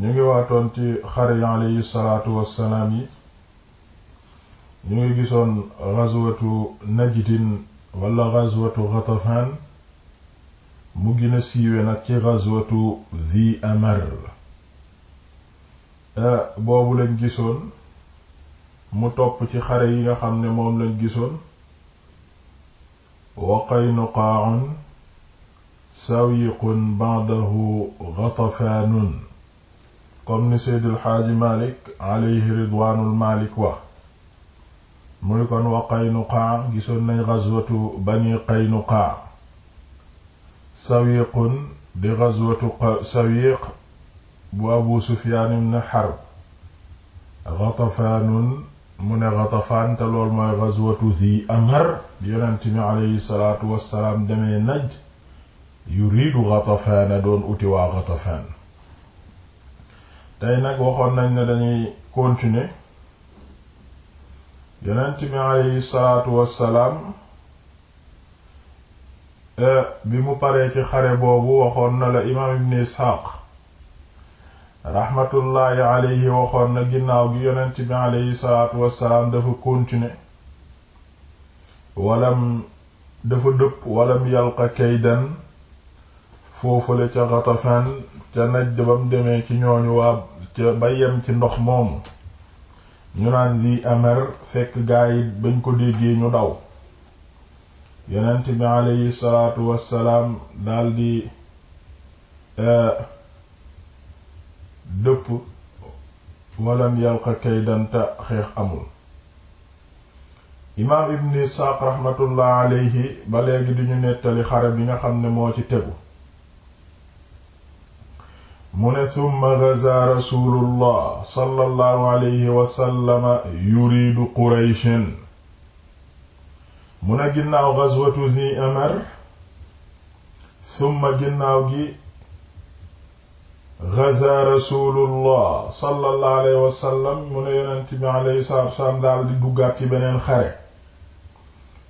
ñu ngi waatoon ci xare yi aleyhi salaatu wassalaam yi ñu ngi gisoon ghazwatu najdin wala ghazwatu ghatafaan mu gën a nag ci ghazwatu dhi amar eh, boobu lañ gisoon mu topp ci xare yi nga xam ne moom lañ gisoon wa qaynuqaa'un sawiqun ba'dahu ghatafaanun comme ni seydil xaaji malik alayhi ridwaanul malik wax muy kon wa qaynuqaa gisoon nañ gazwatu bani qaynuqaa sawiiqun di gazwatu sawiiq bu abu sufyaan ibn harb gatafaanun mu ne gatafaan te lool mooy gazwatu amar di yonent alayhi salaatu wassalaam demee najd yuriidu gatafaana doon uti waa gatafaan tey nag waxoon nañ ne dañuy continuer yonent bi aleyhi salaatu wassalaam e, bi mu paree ci xare boobu waxoon na la imaam ibn isxaaq raxmatullaahi aleyhi waxoon na ginnaaw gi yonent bi aleyhi salaatu wassalaam dafa continuer walam dafa dëpp walam yalqa kaydan foofule ca Ghatafan ca Najd ba mu demee ci ñooñu waa ca ba yem ci ndox moomu ñu naan lii amer fekk gaay bañ ko déggee ñu daw yonent bi aleyhi salaatu wassalaam di eh, dëpp walam yalqa kaydanta xeex amul imaam ibn Isxaaq raxmatullah aleyhi ba léegi duñu nettali xare bi nga xam ne moo ci tegu mu ne summa gaza rasulullah sallallahu alayhi wasallama yuriidu qurayshin mu ne ginnaaw gazwatu zi amar summa ginnaaw gi gaza rasulullah sallallahu alayhi wasallam mu ne yonent bi alayhi salaatu daal di duggaat ci beneen xare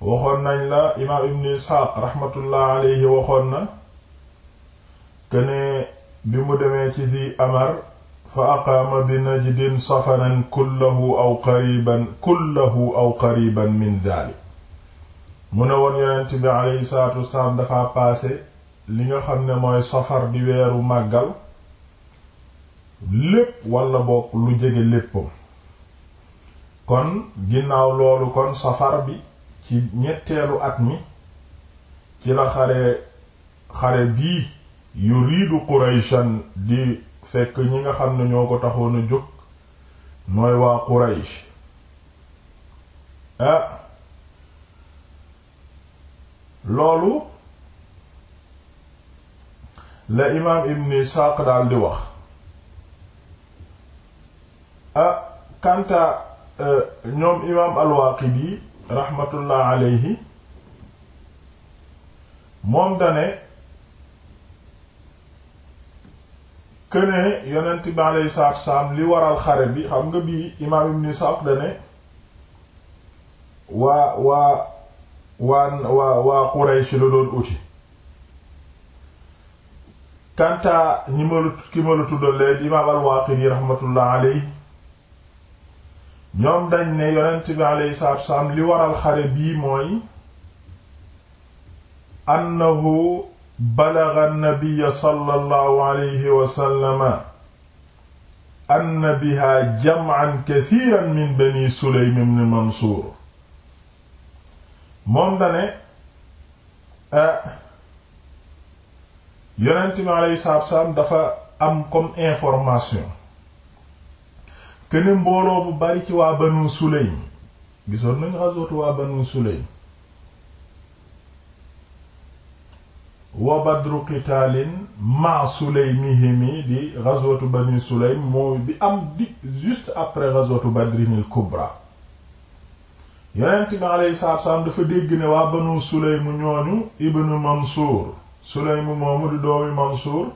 waxoon nañ la imaam ibn isxaaq raxmatullah alayhi waxoon na bi mu demee ci si amar fa aqaama bi najdin safanan kullahu aw qariban kullahu aw qariban min daalik mu ne woon yonent bi aleyhi salaatu wasalaam dafa paase li nga xam ne mooy safar di weeru màggal lépp walla bokk lu jege léppam kon ginnaaw loolu kon safar bi ci ñetteelu at mi ci la xare xare bii yuriidu qurayshan di fekk ñi nga xam ne ñoo ko taxoon a jóg mooy waa quraysh ah, loolu la imaam ibn isxaaq daal di wax ah kanta eh, ñoom imaam al-Waaqidi raxmatullah alayhi moom dane kënee yonent bi aleyhi salaatu salaam li waral xare bi xam nga bii imaam ibn Sa'd dane waa waa waa waa waa Quraysh la doon uti kantaa ñi ma la ki ma la tuddal léegi imaam al-Waaqidi raxmatullah aleyhi ñoom dañ ne yonent bi aleyhi salaatu salaam li waral xare bii mooy annahu balaga annabiya sallallahu alayhi wa sallama anna biha jam'an min bani sulaym ibn mansuur moom dane ah, yonent bi alayhi salaatu salaam dafa am comme information que mbooloo bu bari ci waa banu sulaym gisoon nañu xasootu waa banu sulaym wa badru qitaalin ma sulaymihimi di ghazwatu bani sulaym moo bi am juste après ghazwatu badrinil kubra yonent bi alayhi salaatu wassalaam dafa dégg ne waa banu mu ñooñu ibnu mansuur sulaym moomu di doomi mansuur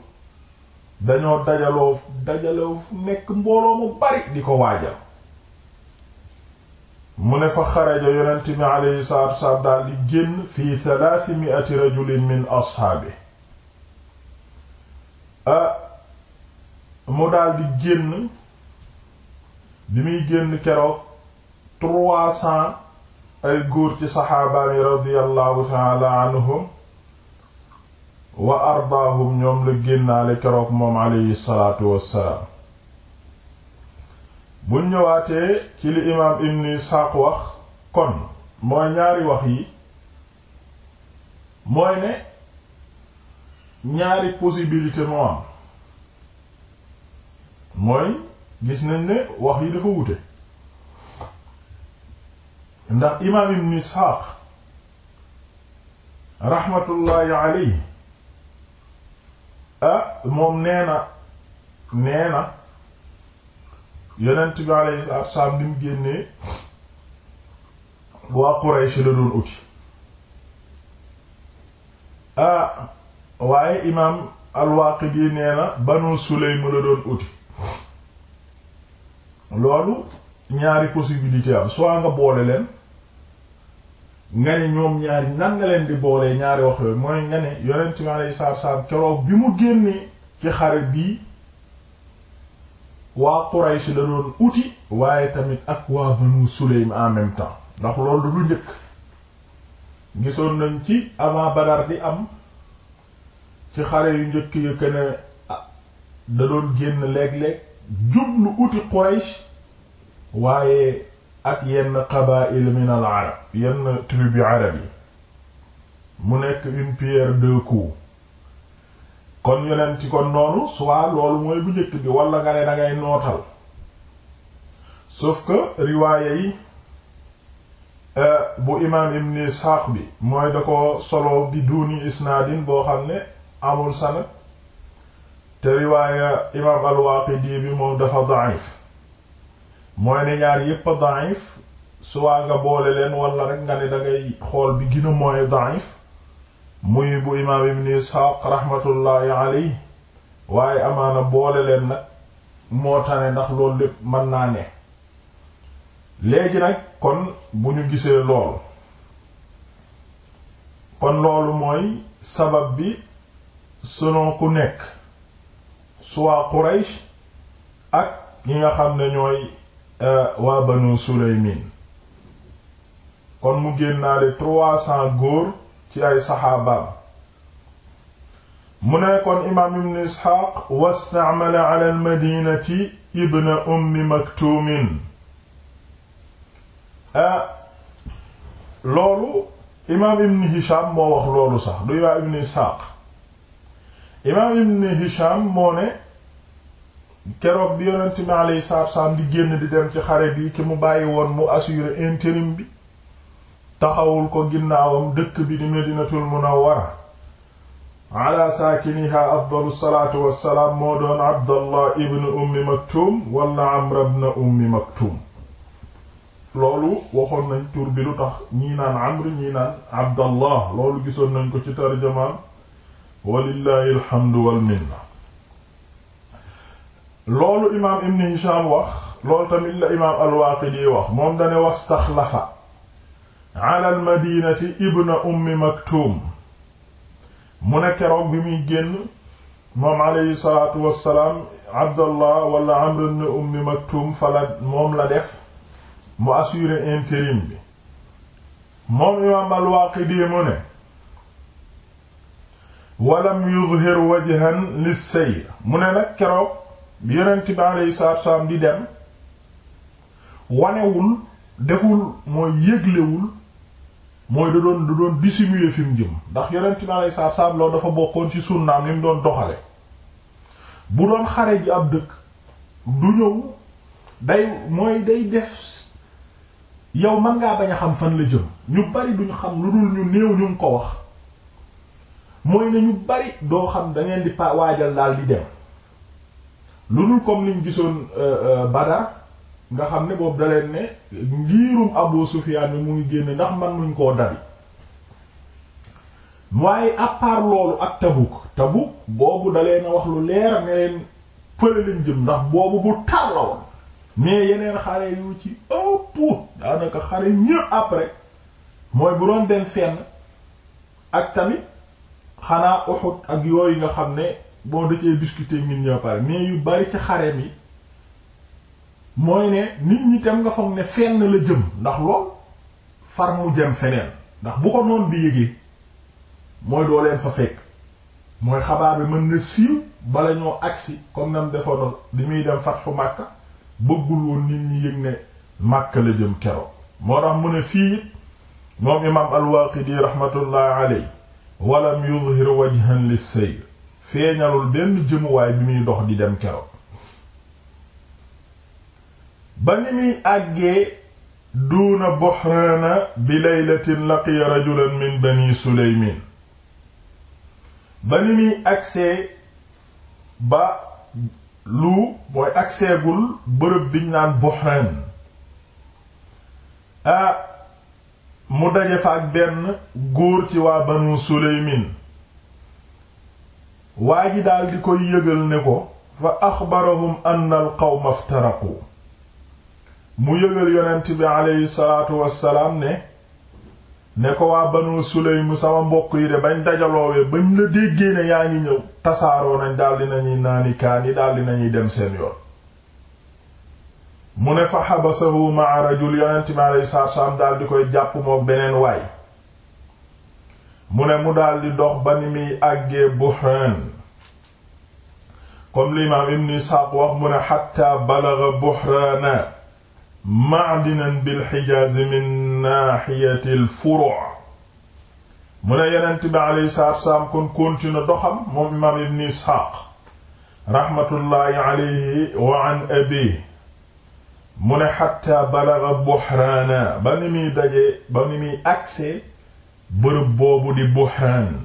dañoo dajaloo dajaloo fu nekk mbooloo mu bari di ko waajal mu ne fa xaraja yonent bi aleyhi salaatu wasalaam daal di génn fii thalathi mi'ati rajulin min ashaabi ah, mu daal di génn bi muy génn keroog ay góor ci saxaabaami radiyallahu taala anhum wa ardaahum ñoom la génnaale keroog moom aleyhi salaatu wasalaam buñ ñëwaatee ci li imaam ibn Isxaaq wax kon mooy ñaari wax yi mooy ne ñaari possibilité moo am mooy gis nañ ne wax yi dafa wute ndax imaam ibn Isxaaq raxmatullaahi alayhi ah moom nee na nee na yonent bi alayhi salaatu salaam bi mu génnee waa Quraysh la doon uti ah waaye imaam al-Waaqidi nee na Banu Sulaym la doon uti loolu ñaari possibilité am soit nga boole leen nga ne ñoom ñaari nan nga leen di boolee ñaari wax yooyu mooy nga ne yonent bi alayhi salaatu salaam keroog bi mu génnee ci xare bii waa Quraysh la doon uti waaye tamit ak waa Banu Sulaym en même temps ndax loolu lu njëkk gisoon nañ ci avant Badar di am ci xare yu njëkk yu que ah, da doon génn léeg-léeg jublu uti Quraysh waaye ak yenn qabaa'il min al arab yenn tribu arab yi mu nekk une pierre deux coups kon yonent ci kon noonu soit loolu mooy bu njëkk bi wala nga ne dangay nootal sauf que riwaaya yi euh, bu imaam ibn Isxaaq bi mooy da ko solo bi duuni isnaadin boo xam ne amul sanad te riwaaya imaam al bi moom dafa da'if mooy ne ñaar yépp a da'if nga boole leen wala rek nga ne dangay xool bi gën a mooy muy bu imaam ibn isxaaq raxmatullaahi aley waaye amaana boole leen nag moo tane ndax loolu lépp mën naa ne léegi nag kon bu ñu gisee lool kon loolu mooy sabab bi selon ku nekk soit Quraysh ak ñi nga xam ne ñooy euh, waa Banu kon mu génnaale trois cents góor ci ay saxaabaam mu ne kon imaam ibn isxaaq wastaamala ala almadinati ibn ummi maktuumin ah, loolu imaam ibn hisham moo wax loolu sax du imaam ibn isxaaq imaam ibn hisham moo ne keroog bi yonent bi alayhi salaatu di génn di dem ci xare bi ki mu bàyyi woon mu assurer intérim bi taxawul ko ginnaawam dëkk bi di medinatul munawwara ala saakiniha afdalu salaatu wassalaam moo doon abdallah ibn ummi maktum wala amra ibn ummi maktum loolu waxoon nañ tur bi lu tax ñii naan amr abdallah loolu gisoon nañ ko ci tarjumaan walillahi alhamdu wal minna loolu imaam ibn hisham wax loolu tamit la imaam al-waaqidi wax moom dane wastaxlafa ala al madinati ibna ummi maktuum mu ne keroog bi muy génn moom aleyhi salaatu wassalaam abdallah wala amr ibn ummi maktuum fa la moom la def mu assurer intérim bi moom imaam al-Waaqidi mu ne walam yuzhir wajhan lis-sayr mu ne nag keroog bi yonent bi aleyhi salaatu wassalaam di dem wanewul deful mooy yëglewul mooy da doon da doon dissimuler fi mu jëm ndax yonent bi aleyhi salaatu salaam dafa bokkoon ci sunnaam ni mu doon doxale bu doon xare ji ab dëkk du ñëw day mooy day def yow man ngaa bañ a xam fan la jëm ñu bari duñu xam lu dul ñu néew ñu ngi ko wax mooy ne ñu bari doo xam da ngeen di pa waajal daal di dem lu dul comme niñ gisoon euh, euh, Badar nga xam ne boobu daleen ne ngiirum Abu Sufyan bi mu ngi génn ndax man nuñ koo dabi waaye à part loolu ak Tabuk Tabuk boobu daleen wax lu leer ne leen pële lañ jëm ndax boobu bu tar la woon mais yeneen xare yu ci ëpp daanaka xare ñëpp après mooy bu doon dem fenn ak tamit xanaa Uhud ak yooyu nga xam ne boo da cee discuter nit ñoo pare mais yu bari ci xare mi mooy ne nit ñi dem nga foog ne fenn la jëm ndax lool far mu jëm feneen ndax bu ko noon bi yëgee mooy doo leen fa fekk mooy xabaar bi mën na siiw bala ñoo agsi comme nam defoon li muy dem fatxu Makka bëggul woon nit ñi yëg ne Makka la jëm keroog moo tax mu ne fii it moom imaam al-Waaqidi rahmatullah alayhi walam yuzhir wajhan lis-sayr feeñalul benn jëmuwaay bi muy dox di dem keroog ba ni muy àggee duuna boxraana bi laylatin laqiya rajulan min bani suleymin ba ni muy agsee ba lu mooy agseegul bërëb biñ naan boxraan a mu daje fa ak benn góor ci waa banu suleymin waa ji daal di koy yëgal ne ko fa axbarahum anna al qawma mu yëgal yonent bi aleyhi wassalaam ne ne ko waa banu Sulaym sama mbokk yi de bañ dajaloowee bañ la déggee yaa ngi ñëw tasaaroo nañ daldi nañuy naani kaani daldi nañuy dem seen yoon mu ne fa xabasahu maa rajul yonent bi aleyhi salaatu daldi koy jàpp mook beneen waay mu ne mu daldi dox ba ni muy àggee Buhraan comme l'imam Ibn Isxaaq wax mu ne xatta balaga Buhraana ma'dinan bil Hijaaz min naahiyati al mu ne yenent bi aleyhi salaatu wasalaam doxam moom imaam ibn isxaaq raxmatullaahi wa an mu ne xatta balaga buxraana ba ni muy dajee ba ni muy agsee bërëb boobu di buxraan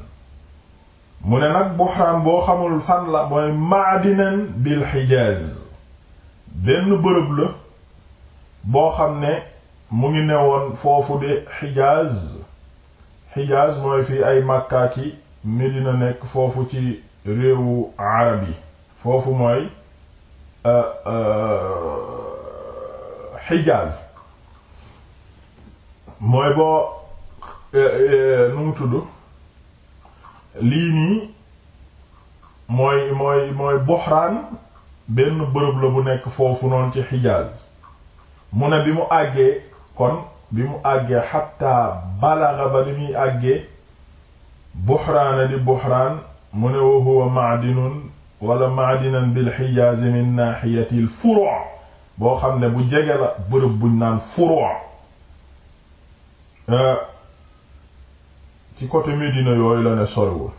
mu ne nag buxraan boo xamul fan la mooy maadinan bil xijaaz benn bërëb la boo xam ne mu ngi newoon foofu de Hijaz Hijaz mooy fii ay Makka ki Medina nekk foofu ci réewu arab yi foofu mooy euh, euh, Hijaz mooy boo euh, nu mu tudd lii nii mooy mooy mooy benn bërëb la bu nekk foofu noonu ci Hijaz mu ne bi mu àggee kon bi mu àggee xatta balaga ba li muy àggee buxraana di buxraan mu ne wa huwa maadinun wala maadinan bil xijaaz min naaxiyatil furu' boo xam ne bu jege la bërëb buñ naan furu' euh, ci côté Médina yooyu la ne soriwul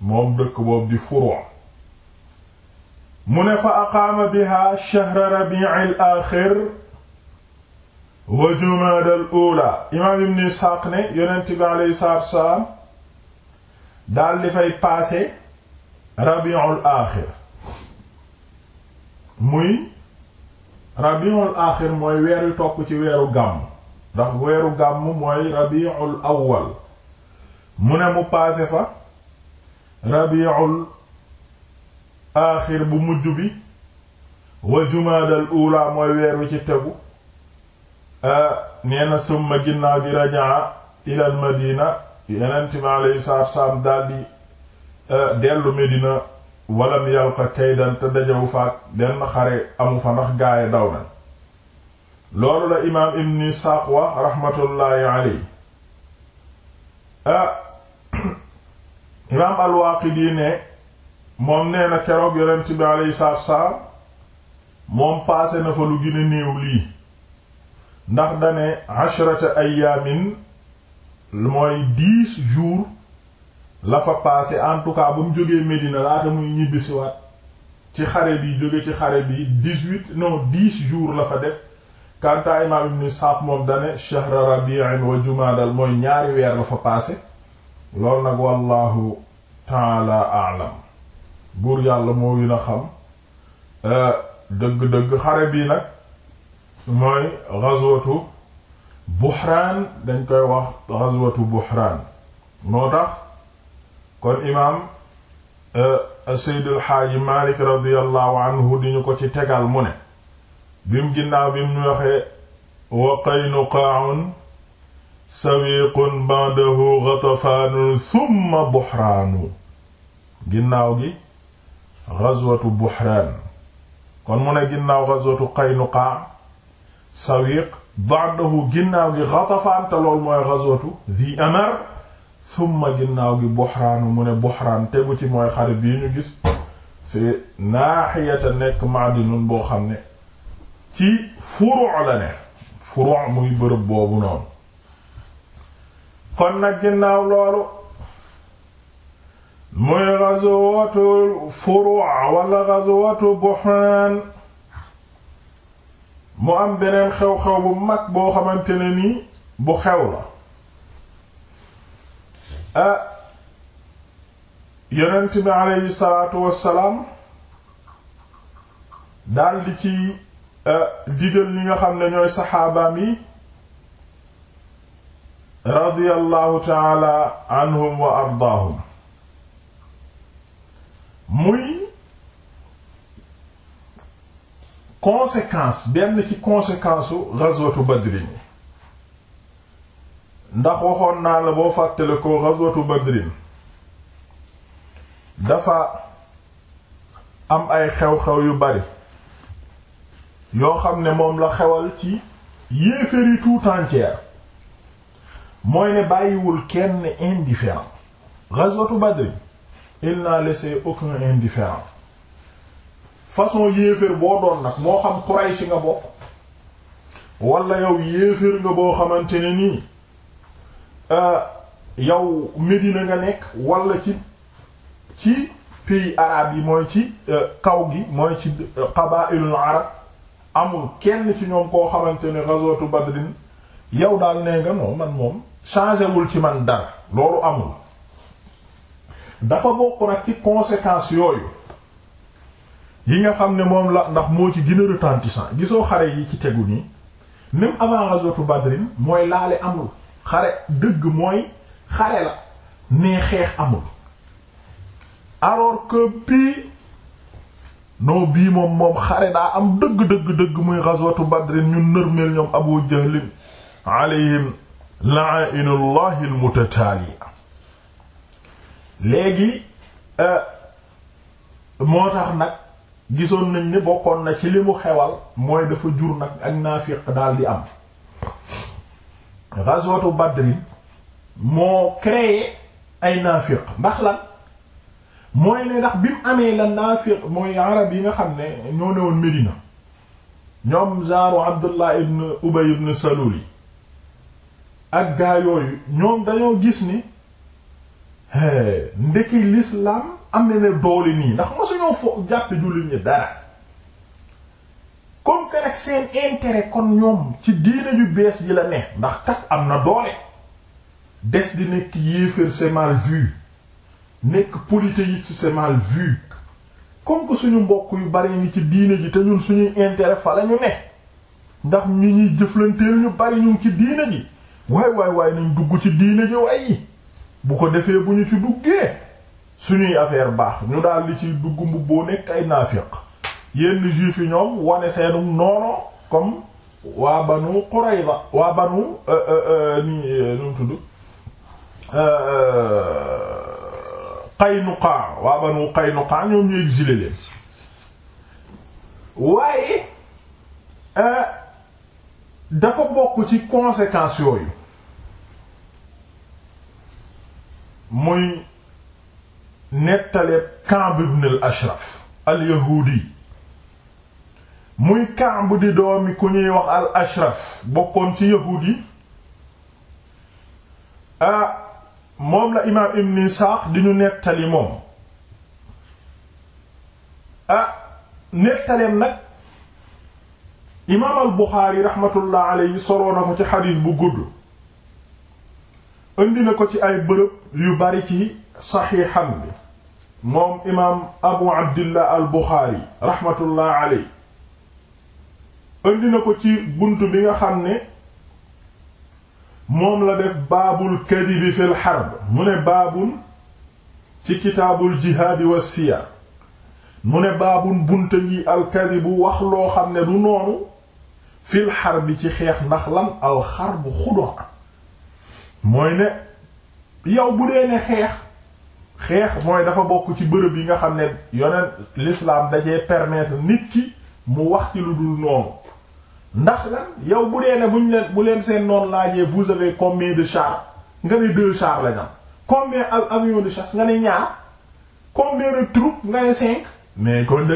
moom dëkk boobu di furu' mu ne fa aqaama biha shahra rabi'il aaxir wa jumaadal uula imaam ibn Isxaaq ne yonent bi alayhi salaatu wa salaam daal di fay paase rabi'ul aaxir muy rabi'ul aaxir mooy weer wi ci weeru gàmm ndax weeru gàmm mooy rabi'ul awwal mu ne mu paase fa rabi'ul aaxir bu mujj bi wa jumaadal ula mooy weer wi ci tegu nee na summa ginnaaw gi rajaa ilal madina yeneen mi alayhi salaatu salaam daldi dellu Medina walam yalqa kaydan te dajawu faat benn xare amu fa ndax gaaye daw na loolu la imaam ibn Isaaq wa raxmatullaahi alayhi imaam al-Waaqidi ne moom nee na keroog yonent bi alayhi salaatu salaam moom paase na fa lu gën a néew lii ndax dane ayaamin mooy dix la fa paase en tout cas ba mu jógee Médina laata muy ñibbisiwaat ci xare bi jóge ci xare bi dix-huit non dix jours la fa def kanta imaam ibn Isxaaq moom dane shahra rabi'in wa jumaadal mooy ñaari weer la fa paase loolu nag wallahu taala a'lam buur yàlla moo gën a xam euh, dëgg-dëgg xare bii nag mooy ghazwatu buhraan dañ koy wax ghazwatu buhraan moo tax kon imaam euh, seydul xaaji malik radiallahu anhu di ñu ko ci tegal mu ne bim ginnaaw bim ñu waxee wa qaynuqaa'un sawiqun ba'dahu ghatafaanun thumma buhraanu ginnaaw gi ghazwatu buhraan kon mu ne ginnaaw ghazwatu qaynuqaa sawiq ba'dahu ginnaaw gi ghatafaan te lool mooy ghazwatu dhi amar thumma ginnaaw gi buhraan mu ne buhraan tegu ci mooy xare bii ñu gis fi naaxiyata nekk maadinun boo xam ne ci furu' la ne furu' muy bërëb boobu noonu kon nag ginnaaw loolu muy gazwatu Furu' wala gazwatu Buhran mu am xew-xew bu mag boo xamante ne nii bu xew la ah yonent bi aleyhi salaatu daldi ci digal ñi nga xam ne ñooy saxaabaam yi radiyallahu taala anhum wa ardaahum muy conséquence benn ci conséquence u ghazwatu badrin ndax waxoon naa la boo fàttale ko ghazwatu badrin dafa am ay xew-xew yu bari yoo xam ne moom la xewal ci yéeféri tout entier mooy ne bàyyiwul kenn indifférent ghazwatu badrin il n'a laissé aucun indifférent façon yéeféer boo doon nag moo xam Quraysh nga bokk wala yow yéeféer nga boo xamante ne nii euh, yow Médina nga nekk wala ci ci pays arabe yi mooy ci euh, kaw gi mooy ci euh, qabaa'ilul arab amul kenn ci ñoom koo xamante ne Badrin yow daal nee nga non man moom changé wul ci man dar loolu amul dafa bokk nag ci conséquences yooyu yi nga xam ne moom la ndax moo ci gën a retentissant gisoo xare yi ci tegu nii même avant ghazwatu badrin mooy laale amul xare dëgg mooy xare la nee xeex amul alors que bii bii moom moom xare daa am dëgg dëgg dëgg muy ghazwatu badrin ñu nërmeel ñoom abu jahlin alayhim la'inullah almutataaliya léegi euh, moo tax nag gisoon nañ ni bokkoon na ci li mu xewal mooy dafa jur nag ak naafiq daal di am ghazwatu badrin moo créé ay naafiq ndax lan mooy ne ndax bi mu amee la naafiq mooy arab yi nga xam ne ñoo newoon Medina ñoom zaaru Abdullah ibn Ubay ibn Salul yi ak gaa yooyu ñoom dañoo gis ni ndekki l'islam am na ne doole nii ndax ma suñoo fo jàppe jullit ñi dara comme que nag seen intérêt kon ñoom ci diine ju bees ji la ne ndax kat am na doole des di nekk yéeféer c'est mal vu nekk polythéiste c'est mal vu comme que suñu mbokk yu bari ngi ci diine ji te ñun suñuy intérêt fa la ñu ne ndax ñu ñuy jëflanteel ñu bari ñu ci diine ji waay waaye waay nañ dugg ci diine ji waay bu ko defee bu ñu ci duggee suñuy affaire baax ñu daal li ci dugg mbu boo nekk ay naafiq yenn juif yi ñoom wane seenum noono comme waa banu Qurayza waa banu euh, euh, euh, ni nu mu tudd Qaynuqa waa banu Qaynuqa ñoom ñu exilé leen waaye dafa bokk ci conséquences yooyu muy nettaleeb Ka'b ibn al-Ashraf al-Yahuudi muy Ka'b di doomi ku ñuy wax al-Ashraf bokkoon ci yahuudi ah moom la imaam Ibn Isaaq di ñu nettali moom ah nettaleem nag imaam al-Buxaari raxmatullahi alayhi soloo ci xadiis bu gudd indi na ko ci ay bërëb yu bari ci saxiixam bi moom imaam abu abdillah al buxaari raxmatullah aley indi ko ci bunt bi nga xam ni moom la def baabul kadibi fil xarb mu ne baabul ci kitaabul jihaadi wa siyar mu ne baabun bunta ngi alkadibu wax loo xam ne du noonu fil xarbi ci xeex ndax lan alxarbu xudoa mooy ne yow bu dee ne xeex xeex mooy dafa bokk ci bërëb yi nga xam ne yonent lislaam dajee cee permettre nit ki mu wax ci lu dul noonu ndax la yow bu dee ne buñ leen bu leen seen noonu laajee vous avez combien de chars nga ne deux chars lañ am combien avions de chasse nga ne ñaar combien de troupes nga ne cinq mais kon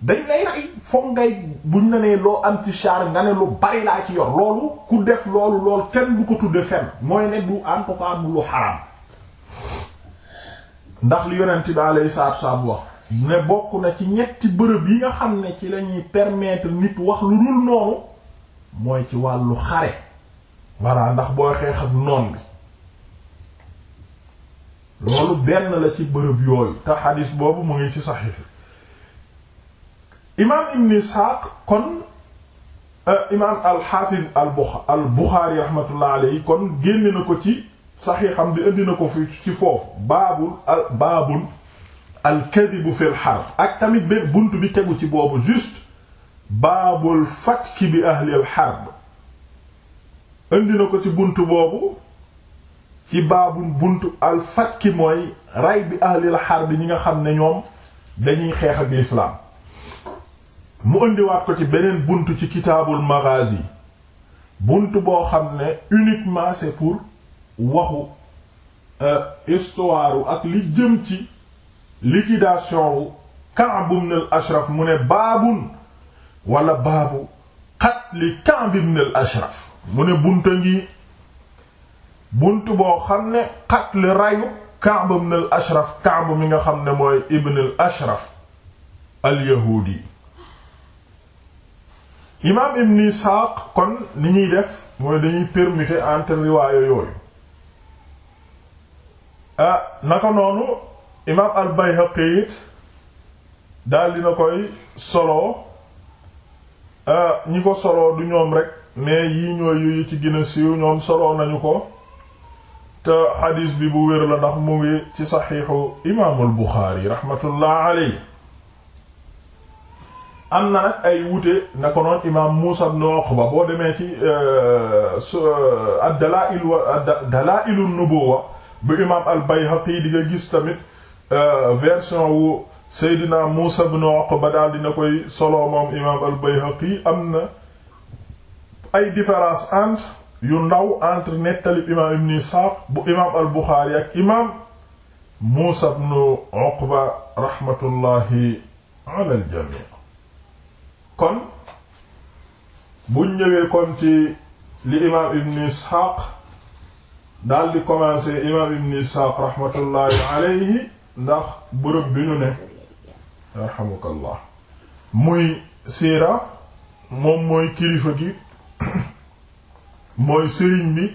dañ lay rey foog ngay buñ na nee loo am ci char nga ne lu bari laa ci yor loolu ku def loolu lool kenn du ko tudde fen mooy ne du en tout cas du lu xaraam ndax li yonent bi alayhi salaatu salaam wax ne bokk na ci ñetti bërëb yi nga xam ne ci lañuy permettre nit wax lu dul noonu mooy ci wàllu xare walla ndax booy xeex noon bi loolu benn la ci bërëb yooyu te xadiis boobu mu ngi ci saxiix imaam ibn isxaaq kon euh, imaam alxaafiz al buxaari raxmatullah alayhi kon génne na ko ci saxiixam bi indi na ko fi ci foofu baabul baabul alkadibu fi lxarb ak tamit ba bunt bi tegu ci boobu juste baabul fatki bi ahlil xarb indi na ko ci bunt boobu ci baabul bunt al fatki mooy rey bi ahlil xarb ñi nga xam ne ñoom dañuy xeex ak lislaam mu indiwaat ko ci beneen bunt ci kitaabul maghazi bunt boo xam ne uniquement c'est pour waxu euh, histoire ak li jëm ci liquidation wu Ka'b ibn al-Ashraf mu ne baabun wala baabu qatli Ka'b ibn al-Ashraf mu ne bunta ngi bunt boo xam ne qatli rayu Ka'b ibn al-Ashraf Ka'b mi nga xam ne mooy ibn al-Ashraf al imaam ibn Isxaaq kon li ñuy def mooy dañuy permuter entre riwaayo yooyu ah naka noonu imaam al-Bayhaqi it daal dina koy soloo ah, ñi ko soloo du ñoom rek mais yi ñooy yu ci gën siiw ñoom soloo nañu ko te xadiis bi bu wér la ndax mu ngi ci saxiixu imaamul Buxaari raxmatullah alayhi am na nag ay wuute na ko noon imaam Muusa ibn Uqba boo demee ci euh, euh, ad-dalaa'il wa dalaa'ilu nubuwwa bu imaam al-Bayhaqi di nga gis tamit euh, version wu Seydina Muusa ibn Uqba daal dina koy solo moom imaam al-Bayhaqi am na ay différence entre yu ndaw entre nettali imaam Ibn Isxaaq bu imaam al-Buxaari ak imaam Muusa ibn Uqba rahmatullahi ala al-jamii kon bu ñëwee kon ci li imaam ibn isxaaq daal di commencer imaam ibn isxaaq raxmatullaahi aleyhi ndax bërëb bi ñu ne raxamukallah muy siira moom mooy kilifa gi mooy sëriñ bi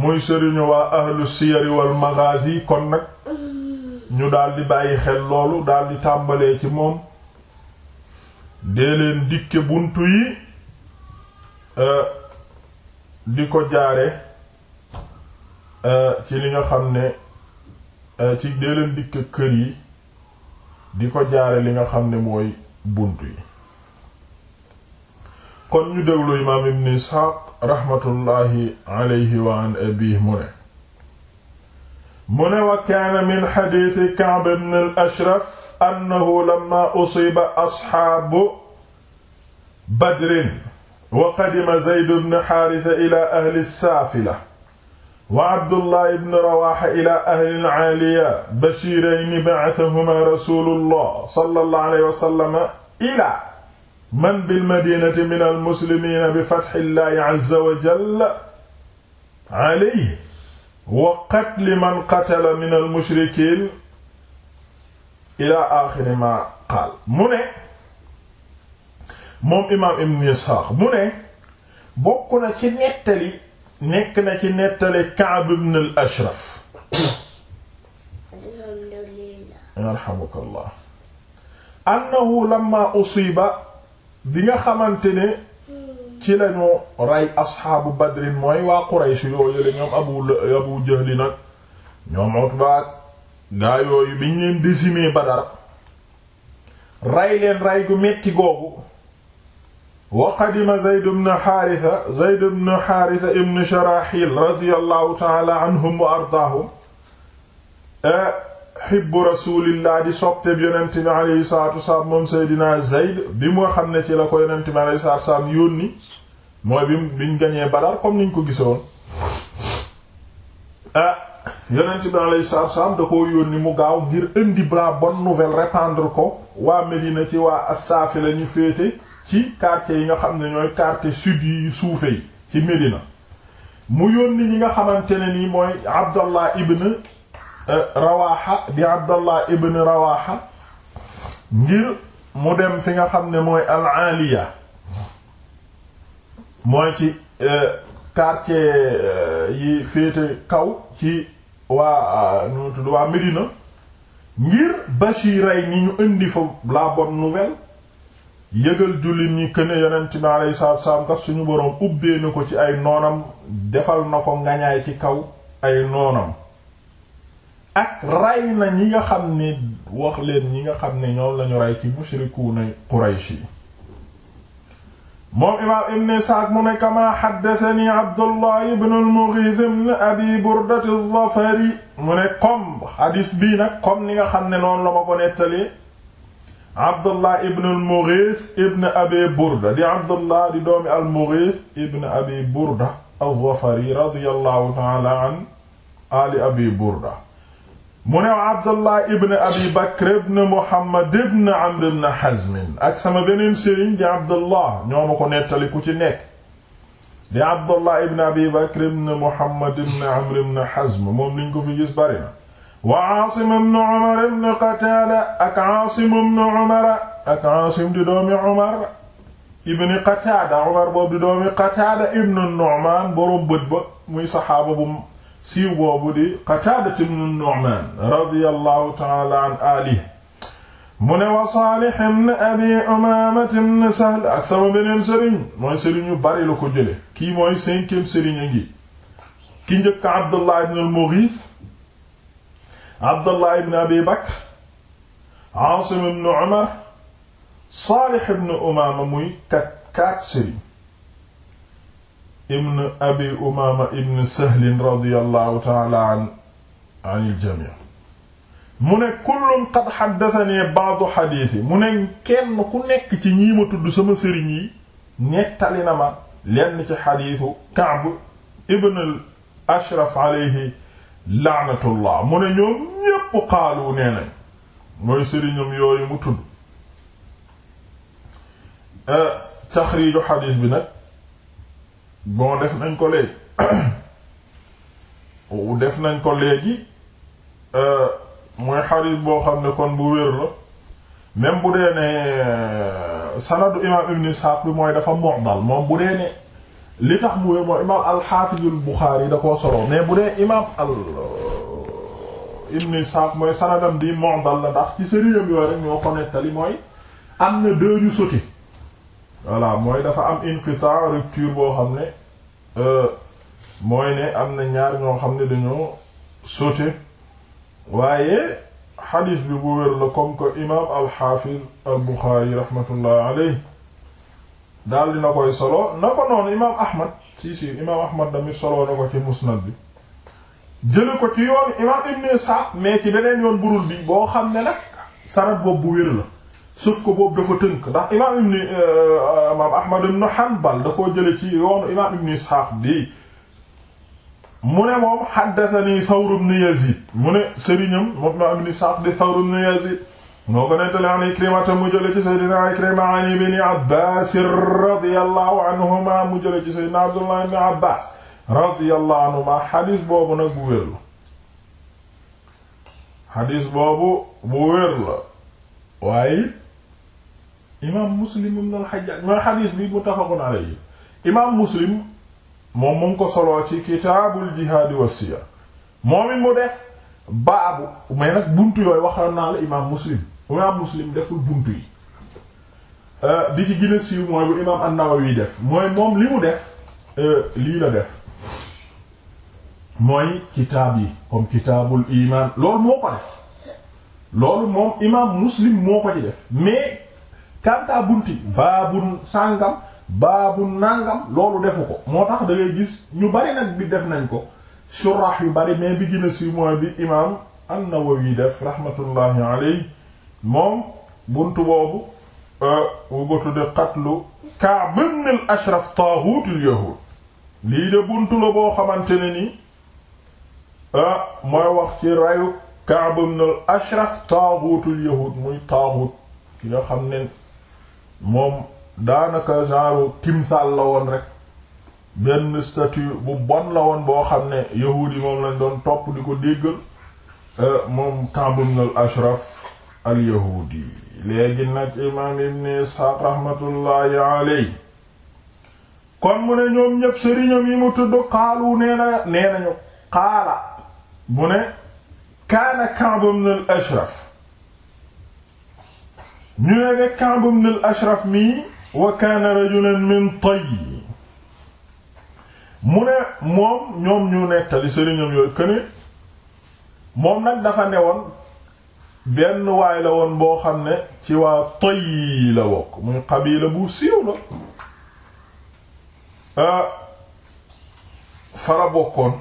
muy sëriñu waa ahlu siyari wal magaazi kon nag ñu daal di bàyyi xel loolu daal di tàmbalee ci moom dee leen dikke buntu yi e, di ko jaare e, ci li nga xam ne e, ci dee leen dikke kër yi di ko jaare li nga xam ne mooy buntu yi kon ñu déglu imaam ibn isxaaq raxmatullaahi alayhi wa an abiih mu ne mu ne wa kaana min xadiisi ashraf annahu lamma usiba asxaabu badrin wa qadima zayd bn xaarisa ila ahli saafila wa abdullah ibn rawaxa ila ahli aliya bashirayni ba'athahuma rasulullah sallallahu alayhi wa sallam ila man bilmadinati min almuslimina bi fatxillahi azza wa jalla alayhi wa qatli man qatala min almushrikin ila axiri ma qaal mu ne moom imaam ibn Isxaaq mu ne bokk na ci nettali nekk na ci nettali Ka'b ibn al-Ashraf yarhamukallah annahu lamma usiba bi nga xamante ne ci lañu rey asxaabu badrin mooy waa Quraysh yooyu la ñoom Abu Abu Jahl nag ñoom Utba gaa yooyu biñ leen décimer Badar rey leen rey gu metti googu wa qadima Zayd ibn Haarisa Zayd ibn Haarisa ibn Sharaxil radiyallahu taala anhum wa ardaahum xibbu eh, rasulillah di sopteeb yonent bi aleyhi salatu moom Seydina Zayd bi mu xam ne ci la ko yonent bi aleyhi mooy bi biñ gañee Badar comme niñ ko gisoon ah yonent bi alayhi salaatu wassalaam da koo yónni mu gaaw ngir indi bra bonne nouvelle répandre ko waa Medina ci waa Assaafi la féete ci quartier yi nga xam ne ñooy quartier sud yi suufe yi ci Medina mu yónni ñi nga xamante ne nii mooy Abdallah ibn euh, Rawaha di Abdallah ibn Rawaha ngir mu dem fi nga xam ne mooy al-Aliya mooy ci euh, quartier euh, yi féete kaw ci waa ah, nu tudd waa Medina ngir bashiray ni ñu indi fa la bonne nouvelle yëgal jullit ñi këne yonent bi alayhi salaatu salaam kat suñu boroom ubbee na ko ci ay noonam defal na ko ngañaay ci kaw ay noonam ak rey na ñi nga xam ni wax leen ñi nga xam ne ñoom lañu rey ci mushrikuuna Quraysh yi moom imaam ibn Isxaaq mu ne kamaa xaddasani Abdullahi ibn al-Mughiith ibn Abi Burdat az-Zafari mu ne comme xadiis bii nag comme ni nga xam ne noonu la ma ko nettali Abdullah ibn al-Mughiith ibn Abi Burda di Abdullah di doomi al-Mughiith ibn Abi Burda az-Zafari radiyallahu ta'ala an ali Abi Burda mu ne wa abdullah ibn abi bakr ibn muhammad ibn amr ibn hazm ak sama beneen sëriñ di abdullah ñoo ma ko nettali ku ci nekk di abdullah ibn abi bakr ibn muhammad ibn amr ibn hazm moom liñ ko fi gis bari na wa aasim ibn umar ibn qataada ak aasim ibn umar ak aasim di doomi umar ibn qataada umar boobu di doomi qataada ibn nu'man boroom bët ba muy saxaaba bu siiw boobu di Qataadat ibn Nu'maan radiyallahu ta'ala an alihi mu ne wa Saalih ibn Abi Umaama ibn Sahl ak sama beneen sëriñ mooy sëriñ yu bari la ko jële kii mooy cinquième sëriñ a ngi ki njëkk Abdullah ibn al-Mughith Abdullah ibn Abi Bakr Aasim ibn Umar Saalih ibn Umaama muy kat kat sëriñ ibn abi umaama ibn sahlin radiyallahu taala an anil jami mu ne kullum qad xaddasani baadu xadiisi mu ne kenn ku nekk ci ñii ma tudd sama sëriñ yi nettali na ma lenn ci xadiisu Ka'b ibn al ashraf alayhi laanatullah mu ne ñoom ñépp xaalu nee nañ mooy sëriñam yooyu mu tudd eh, taxriiju xadiis bi nag bon def nañ ko léegi def nañ ko léegi euh, mooy xarit boo xam ne kon bu wér la même bu dee ne euh, sanadu imaam ibn Ishaq bi mooy dafa mu'dal moom bu dee ne li tax mu wér mooy imaam al-Hafiz da koo solo mais bu dee imaam al euh, ibn Ishaq mooy sanadam di mu'dal la ndax ci sëriñam yooyu rek ñoo ko nettali mooy am na deux yu soti voilà mooy dafa am inqita rupture boo xam ne euh, mooy ne am na ñaar ñoo xam ne dañoo sauté waaye xadis bi bu wér la comme que imaam alxaafiz al buxaari rahmatullah aleyhi daal dina koy solo na ko noonu imaam ahmad si imaam ahmad damit solo na ko ci musnad bi jële ko ci yoon imaam ibn Isxaaq mais ci beneen yoon burul bi boo xam ne nag sarat boobu bu wér la sauf que boobu dafa tënk ndax imaam ibn euh, euh, imaam Ahmad ibn Hanbal da koo jële ci yoonu imaam ibn Ishaq bi mu ne moom haddathani Thawr ibn Yazid mu ne sëriñam moom imaam ibn Ishaq di Thawr ibn Yazid moo ko nettali an Ikrimata mu jële ci Seydina Ikrima an ibn Abbas radiyallahu anhuma mu jële ci Seydina Abdullah ibn Abbas radiyallahu anhuma xadis boobu nag bu wér la xadis boobu bu wér la waaye imaam muslim ibn al-Hajjaj mooy xadiis bi muttafaqun alayhi imaam muslim moom mu ko soloo ci kitaabul jihaadi wa siyar moom it mu def baabu mais nag bunt yooyu waxal naa la imaam muslim imaam muslim deful buntu yi di euh, ci gën siiw mooy bu imaam an def mooy moom li mu def euh, lii la def mooy kitaab yi comme kitaabul imaan loolu moo ko def loolu moom imaam muslim moo ko ci def mais kanta bunti baabun sàngam baabun nàngam loolu defu ko moo tax dagay gis ñu bari nag bi def nañ ko surah yu bari mais bi gën a si bi imam an-Nawawi def rahmatullahi alayhi moom buntu boobu wu euh, ko qatlu Ka'b ibn al-Ashraf taahuutul yahuud lii de buntu la boo xamante ne ni ah mooy wax ci rayu Ka'b ibn al-Ashraf taahuutul yahuud muy taahuut ki nga xam ne moom daanaka genre timsaal la woon rek benn statue bu bon la woon boo xam ne yahuud yi moom lañ doon topp di ko déggal euh, moom Ka'b ibn al-Ashraf al-Yahudi léegi nag imaam Ibn Isxaaq rahmatullahi alayhi kon mu ne ñoom ñépp sëriñam yi mu tudd xaalu nee na nee nañu xaala mu ne kaana Ka'b ashraf ñu ne de Ka'b ibn al-Ashraf mii wa kaana min Tayy mu ne moom ñoom ñu nettali sëriñam yooyu këne moom nag dafa newoon benn waay la woon boo xam ne ci waa Tayy la wokk muy xabiila bu siiw la ah euh, fara bokkoon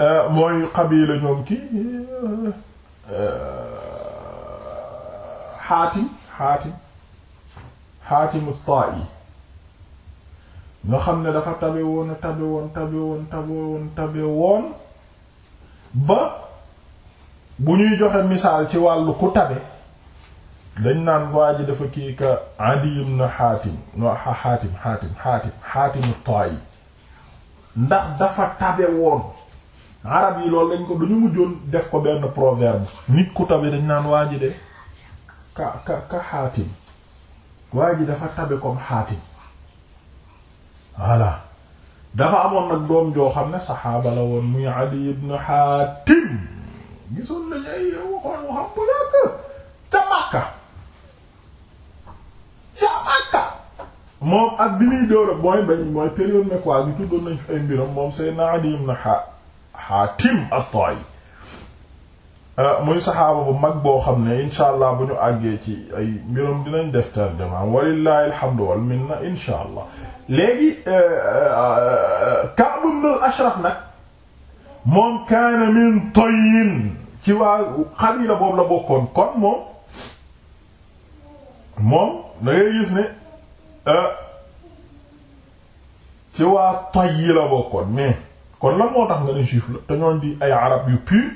euh, mooy xabiila ñoom kii euh, xaatim xaatim xaatim at-Taa'i nga xam ne dafa tabe woon tabe woon tabe woon tabe woon ba bu ñuy joxe misaal ci wàllu ku tabe dañ naan waa ji dafa kii ka Adi ibn Xaatim no Xaatim Xaatim Xaatim Xaatim at-Taa'i ndax dafa tabe woon arab yi loolu dañ ko dañu mujjoon def ko benn proverbe nit ku tabe dañ naan waa de ka ka ka xaatim waa ji dafa tabe comme xaatim voilà dafa amoon nag doom joo xam ne saxaaba la woon muy Adi ibn Xaatim gisoon nañu ay waxoon waxam bu yàgg ca Makka moom ak bi muy dóora mooy bañ mooy période ne quoi bi tuddoon nañ fi ay mbiram moom Seydina Adi ibn Xaatim at-Taa'i Euh, muy saxaaba bu mag boo xam ne incha allah bu ñu àggee ci ay mbirum dinañ def tarjama minna incha allah léegi euh, euh, Ka'b ibn al-Ashraf moom kaana min tayyin ci waa xabiila boobu la bokkoon kon moom moom da ngay gis ne ci waa Tayy la bokkoon mais kon lan moo tax nga ne juif la te ñoon di ay arab yu pur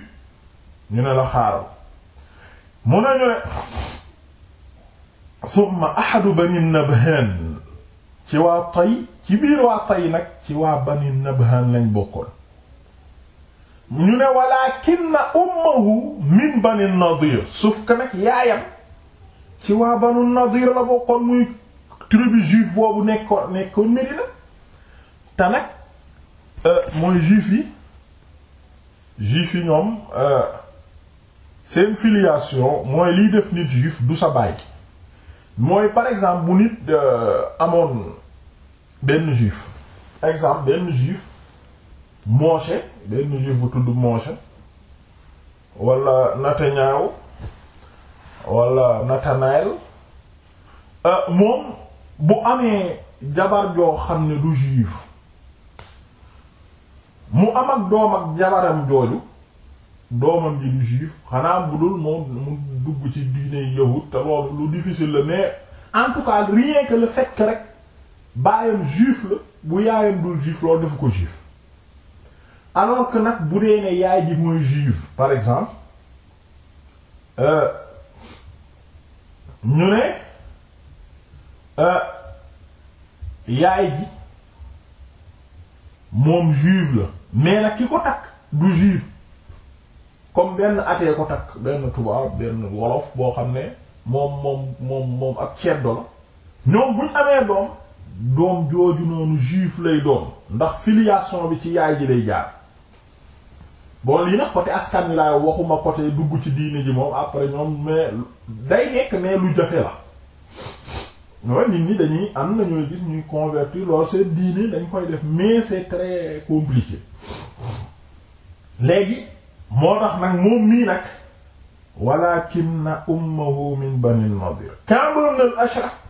ñu ne la xaaral mu ne ñu ne summa ahadu bani nabhan ci waa tay ci biir waa tay nag ci waa bani nabhan lañ bokkoon ñu ne walaakinna ummuhu min bani nadir sauf que nag yaayam ci waa banu nadir la bokkoon muy tribu juif boobu nekkoon nekkoon Medina te nag euh, mooy juif yi juif yi ñoom euh, seen filiation mooy liy def nit juif du sa baay mooy par exemple bu nit euh, amoon benn juif exemple benn juif Moshe benn juif bu tudd Moshe wala Natanyahu wala Natanaël euh, moom bu amee jabar joo xam ne du juif mu am ak doom ak jabaram jooju doomam ji di juif xanaa bu dul moom mu dugg ci diine yahud te loolu lu difficile la mais en tout cas rien que le fait que rek baayam juif la bu yaayam dul juif loolu dafa ko juif alors que nag bu dee ne ji mooy juif par exemple euh, ñu ne euh, yaay ji moom juif la mais nag ki ko takk du juif comme benn atee ko takk benn tubaab benn wolof boo xam ne moom moom moom ak ceddo la ñoom buñ amee doom doom jooju noonu juif lay doon ndax filiation bi ci yaay ji lay jaar bon lii nag côté askan wi laa waxuma côté dugg ci diine ji moom après ñoom mais day nekk mais lu jafe la ñooy nit ñi dañuy am na ñooy gis ñuy convertir loolu seen diine dañ koy def mais c'est très compliqué léegi moo tax nag moom mii nag walakinna ummuhu min bani nadir Ka'b al Ashraf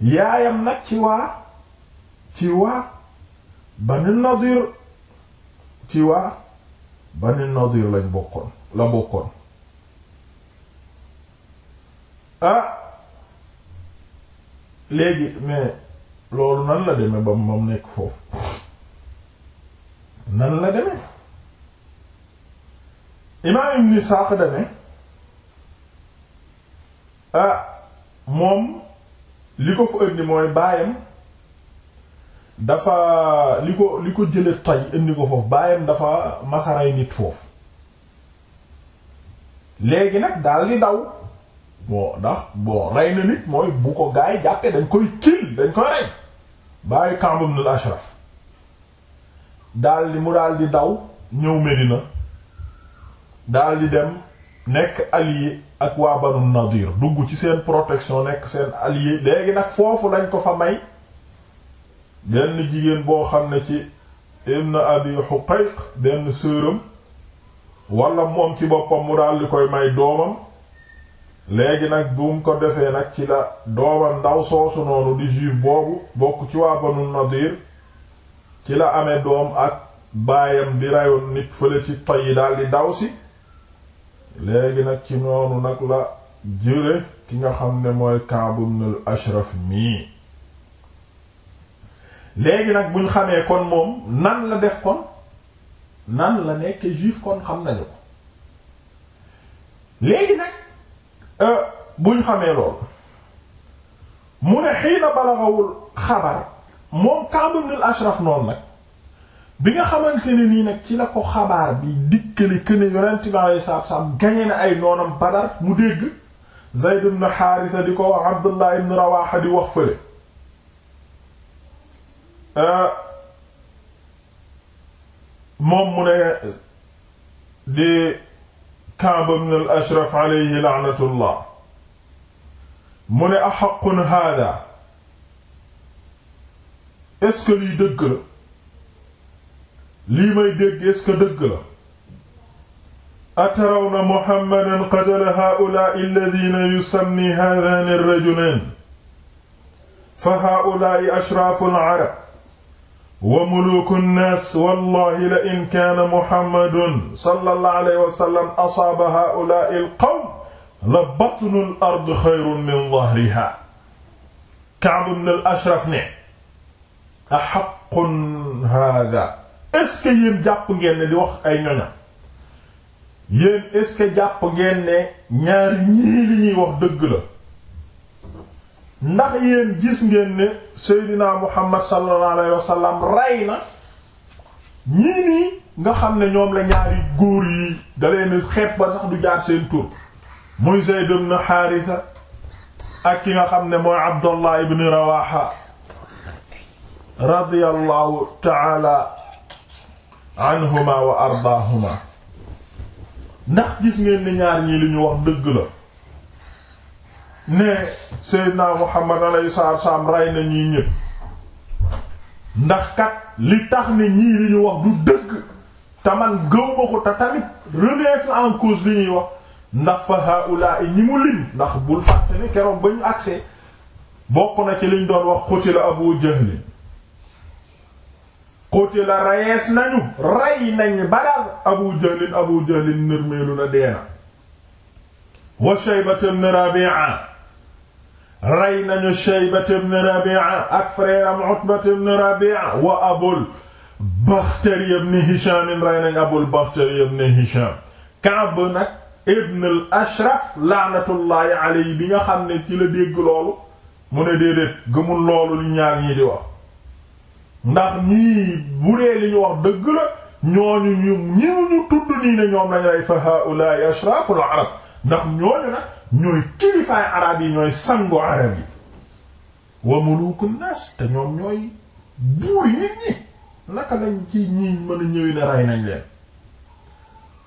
yaayam nag ci waa ci waa bani nadir ci waa bani nadir lañ bokkoon la bokkoon ah léegi mais loolu nan la deme ba moom nekk foofu nan la deme imaam ibn Isaaq dane ah, moom li ko fa indi mooy baayam dafa li ko li ko jële tay indi ko foofu baayam dafa masaray nit foofu léegi nag daal di daw bon ndax bon rey na nit mooy bu ko gaa yi dañ koy kill dañ koy rey bàyyi Ka'b ibn al-Ashraf daal di mu daal di daw ñëw Medina daldi dem nekk allié ak waa Banu Nadir dugg ci seen protection nekk seen allié léegi nag foofu lañ ko fa may benn jigéen boo xam ne ci Ibn Abi Huqayq benn sëram wala moom ci boppam mu daal di koy may doomam léegi nag bu ko defee nag ci la doomam ndaw soosu noonu di juif boobu bokk ci waa Banu Nadir ci la ame doom ak baayam bi rayoon nit fële ci toy yi daal di daw si léegi nag ci noonu nag la jëre ki nga xam ne mooy Ka'b ibn al-Ashraf mii léegi nag buñ xamee kon moom nan la def kon nan la nekk juif kon xam nañu ko léegi nag euh, buñ xamee lool mu ne xiina balagawul xabar moom Ka'b ashraf noonu nag bi nga xamante ne nii nag ci la ko xabaar bi dikkali que ne yonent bi alayhi salaatu wassalaam gañe ay noonam Badar mu dégg Zayd ibn Haarisa di ko wax Abdullah ibn Rawaaha di wax fële euh, moom mu ne di Ka'b ibn al alayhi la'natullah mu ne ahaqqun haadha est-ce que lii dëgg lii may dégg est-ce que dëgg la atarawna muhammadan qatala haa'ulaa'i alladhiina yusanni haadhaani ar-rajulaan fa haa'ulaa'i ashraafu al-arab wa muluuku an-naas wallaahi la in kaana muhammadun sallallaahu alayhi wa sallam asaaba haa'ulaa'i al-qawm la batnu al-ardi xayrun min dhahrihaa Ka'b ibn al-Ashraf ne ahaqqun haadhaa est-ce jàpp ngeen ne di wax ay ñoña yéen est jàpp ngeen ne ñaar ñii li ñuy wax dëgg la ndax yéen gis ngeen ne Seydina Muhammad sallallahu alayhi wa sallam rey na ñii nii nga xam ne ñoom la ñaari góor yi da leen xeeb ba sax du jaar seen tur muy Zayd ibn Haarisa ak ki nga xam ne mooy Abdullah ibn Rawaha radiyallahu ta'ala anhuma wa ardaahuma ndax gis ngeen ni ñaar ñii li ñu wax dëgg la ne Seydina Muhammad yu salaatu salaam rey na ñii ñépp ndax kat li tax ne ñii li ñu wax du dëgg te man gëw ma ko te tamit en cause li ñuy wax ndax fa haula ñi mu lim ndax bul fàtte ne keroog ba ñu agsee bokk na ci liñ doon wax qutila Abu Jahl qutila rayees nañu rey nañ Badar Abu Jahlin Abu Jahlin nërmeelu na deena wa Shaybat ibn Rabi'a rey nañu Shaybat ibn Rabi'a ak frère am Utbat ibn Rabi'a wa Abul Bakhtari ibn Hisham rey nañ Abul Bakhtari ibn Hisham Ka'b nag ibn al-Ashraf la'natullahi alayhi bi nga xam ne ci la dégg loolu mu ne déedéet gëmul loolu li ñaar ñii di wax ndax ñii bu dee li ñu wax dëgg la ñooñu ñu ñiw ñu tudd nii ne ñoom lañ rey fa haulahi ashraful arab ndax ñooñu nag ñooy kilifaay arab yi ñooy sangu arab yi wa muluku nas te ñoom ñooy buur nit ñi naka lañ ci ñii mën a ñëwi ne rey nañ leen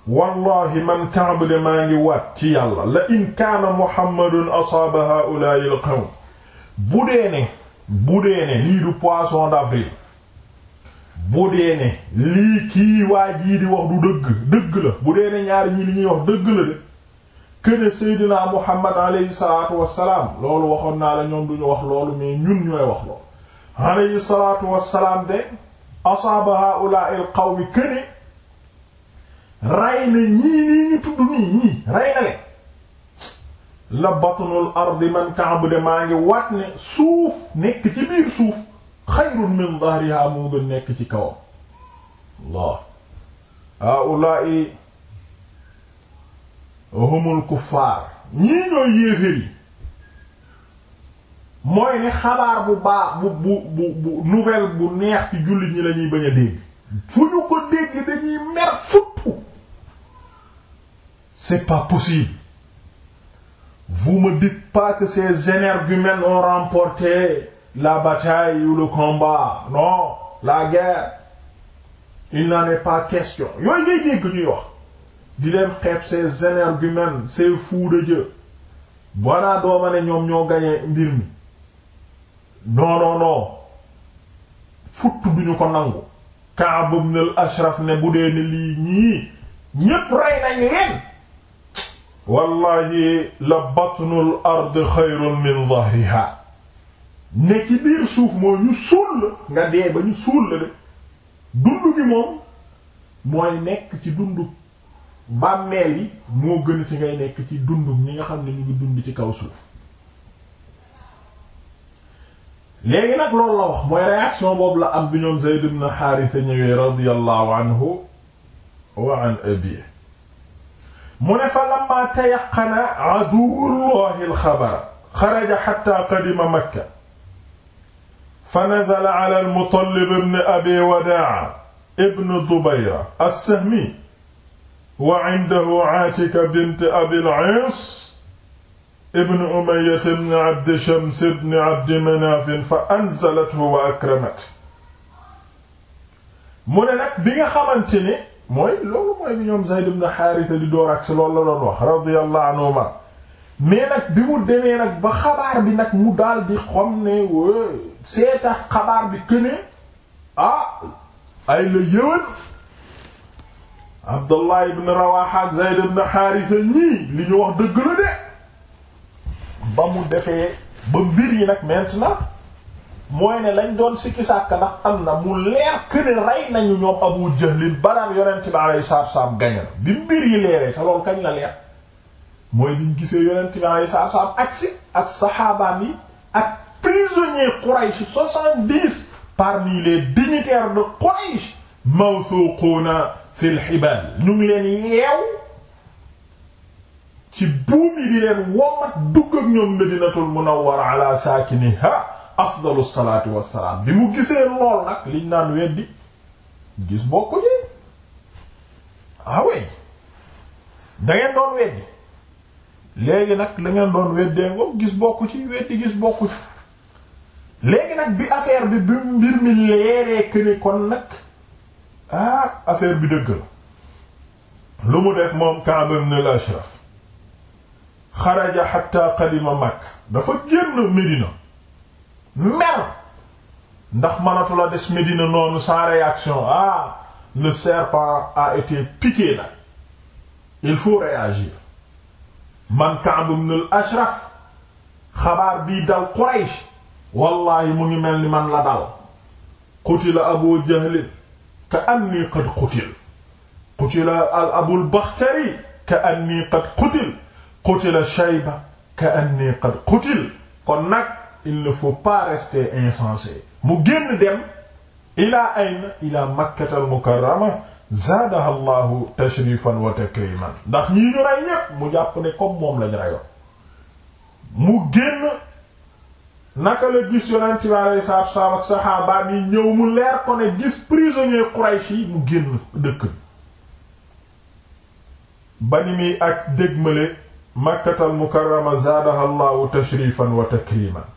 wallahi man Kaab de maa ngi waat ci yàlla la in kaana Muhammadun asaaba haulahi al bu dee ne bu dee ne lii du poisson d'avril bu dee ne lii kii waa jii di wax du dëgg dëgg la bu dee ne ñaari ñi li ñuy wax dëgg la de këne Seydina Muhammad aleyhi wassalaam loolu waxoon naa la ñoom duñu wax loolu mais ñun ñooy wax loolu aleyhi salaatu wassalaam de asaaba haula al qawmi këne rey na ñii nii ñu tudd nii ñii rey na le la batnul ardi man ka'b de maa ngi waat ne suuf nekk ci biir suuf xayrun min dahriha moo gën nekk ci kawam Allah haula'i humul kuffaar ñii ñooy yéeféer yi mooy ne xabaar bu baax bu bu bu bu nouvelle bu neex ci jullit ñi lañuy bañ a dégg fu ñu ko dégg dañuy mer fupp c'est pas possible vous me dites pas que ces énergumènes remporté la bataille ou le combat non la guerre il n'en est pas question yooyu ngay dégg ñuy wax di leen xeeb ces énergumènes ces fous de Dieu dooma ne ñoom ñoo gañee mbir mi non non non futt duñu ko nangu Ka'b ibn ashraf ne bu dee ni lii ñii ñépp rey nañ leen wallahi la batnul ard xayrun min zahriha ne biir suuf mooy ñu suul la nga dee ba ñu suul la de dund gi moom mooy nekk ci dundu bàmmeel yi moo gën ci ngay nekk ci dund ñi nga xam ne ñu ngi dund ci kaw suuf léegi nag loolu la wax mooy réaction boobu la am bi ñoom Zayd ibn Haarisa ñëwee radiyallahu anhu wa an abiihi mu ne fa lamma tayaqqana aduwwullahi al-xabara xaraja hatta qadima Makka fa nazala ala al-Mutallib ibn Abi Wadaa ibn Dubayra as-Sahmi wa indahu Aatika bint Abil Aas ibn Umayya ibn Abdi Shams ibn Abdi Manaaf fa anzalathu wa akramat mu ne nag bi nga xamante ni mooy loolu mooy bi ñoom Zayd ibn Haarisa di door ak si loolu la doon wax radiyallahu anhuma mais nag bi mu demee nag ba xabaar bi nag mu daal di xam ne seeta xabaar bi këne ah ay la yëwal Abdallah ibn Rawaha ak Zayd ibn Haarisa ñii li ñu wax dëgg la de ba mu defee ba mbir yi nag na mooy ne lañ doon sikki sàkk ndax am na mu leer këne rey nañu ñoom Abu Jahlin banaam yonent bi alayhi salaatu wasalaam gañal bi mbir yi leeree sa loolu kañ la leer mooy biñ gisee yonent bi alayhi salaatu wasalaam agsi ak saxaabaan yi ak armée Quraysh soixante-dix parmi les dignitaires de Quraysh mawthuquna fil xibaal ñu ngi leen yeew ci buum yi di leen wommat dugg ak ñoom Madinatul Munawwara ala saakiniha afdalu salaatu wassalaam bi mu gisee lool nag liñ naan weddi gis ah léegi nag dangeen ngeen doon weddee ngoom gis bokku ci weddi gis bokku ci léegi nag bi affaire bi bi mbir mi leeree këne kon nag ah affaire bi dëgg la lu mu def moom Ka'b ibn al-Ashraf xaraja hatta qadima Makka dafa génn Médina mer ndax mënatu la des Médina noonu sans réaction ah le serpent a été piqué nag il faut réagir man Ka'b ibn ashraf xabaar bii dal Quraysh wallaahi mu ngi mel la dal qutila abu jahlin ka anni qutil qutila bakhtari ka anni qutil qutila shayba qutil kon nag ne faut pas rester insensé mu génn dem ila ayna ila makkata al mukarrama zaadaha allahu tashrifan wa takriman ndax ñii ñu rey ñépp mu jàpp ne la moom lañu reyoon mu génn naka la gis yonent bi alayhi salaatu wa salaam ak saxaaba mi ñëw mu leer ko ne gis prisonnier Quraysh yi mu génn dëkk ba ni muy ak dégmale Makkatal Mukarrama zaadaha Allahu tashrifan wa takriman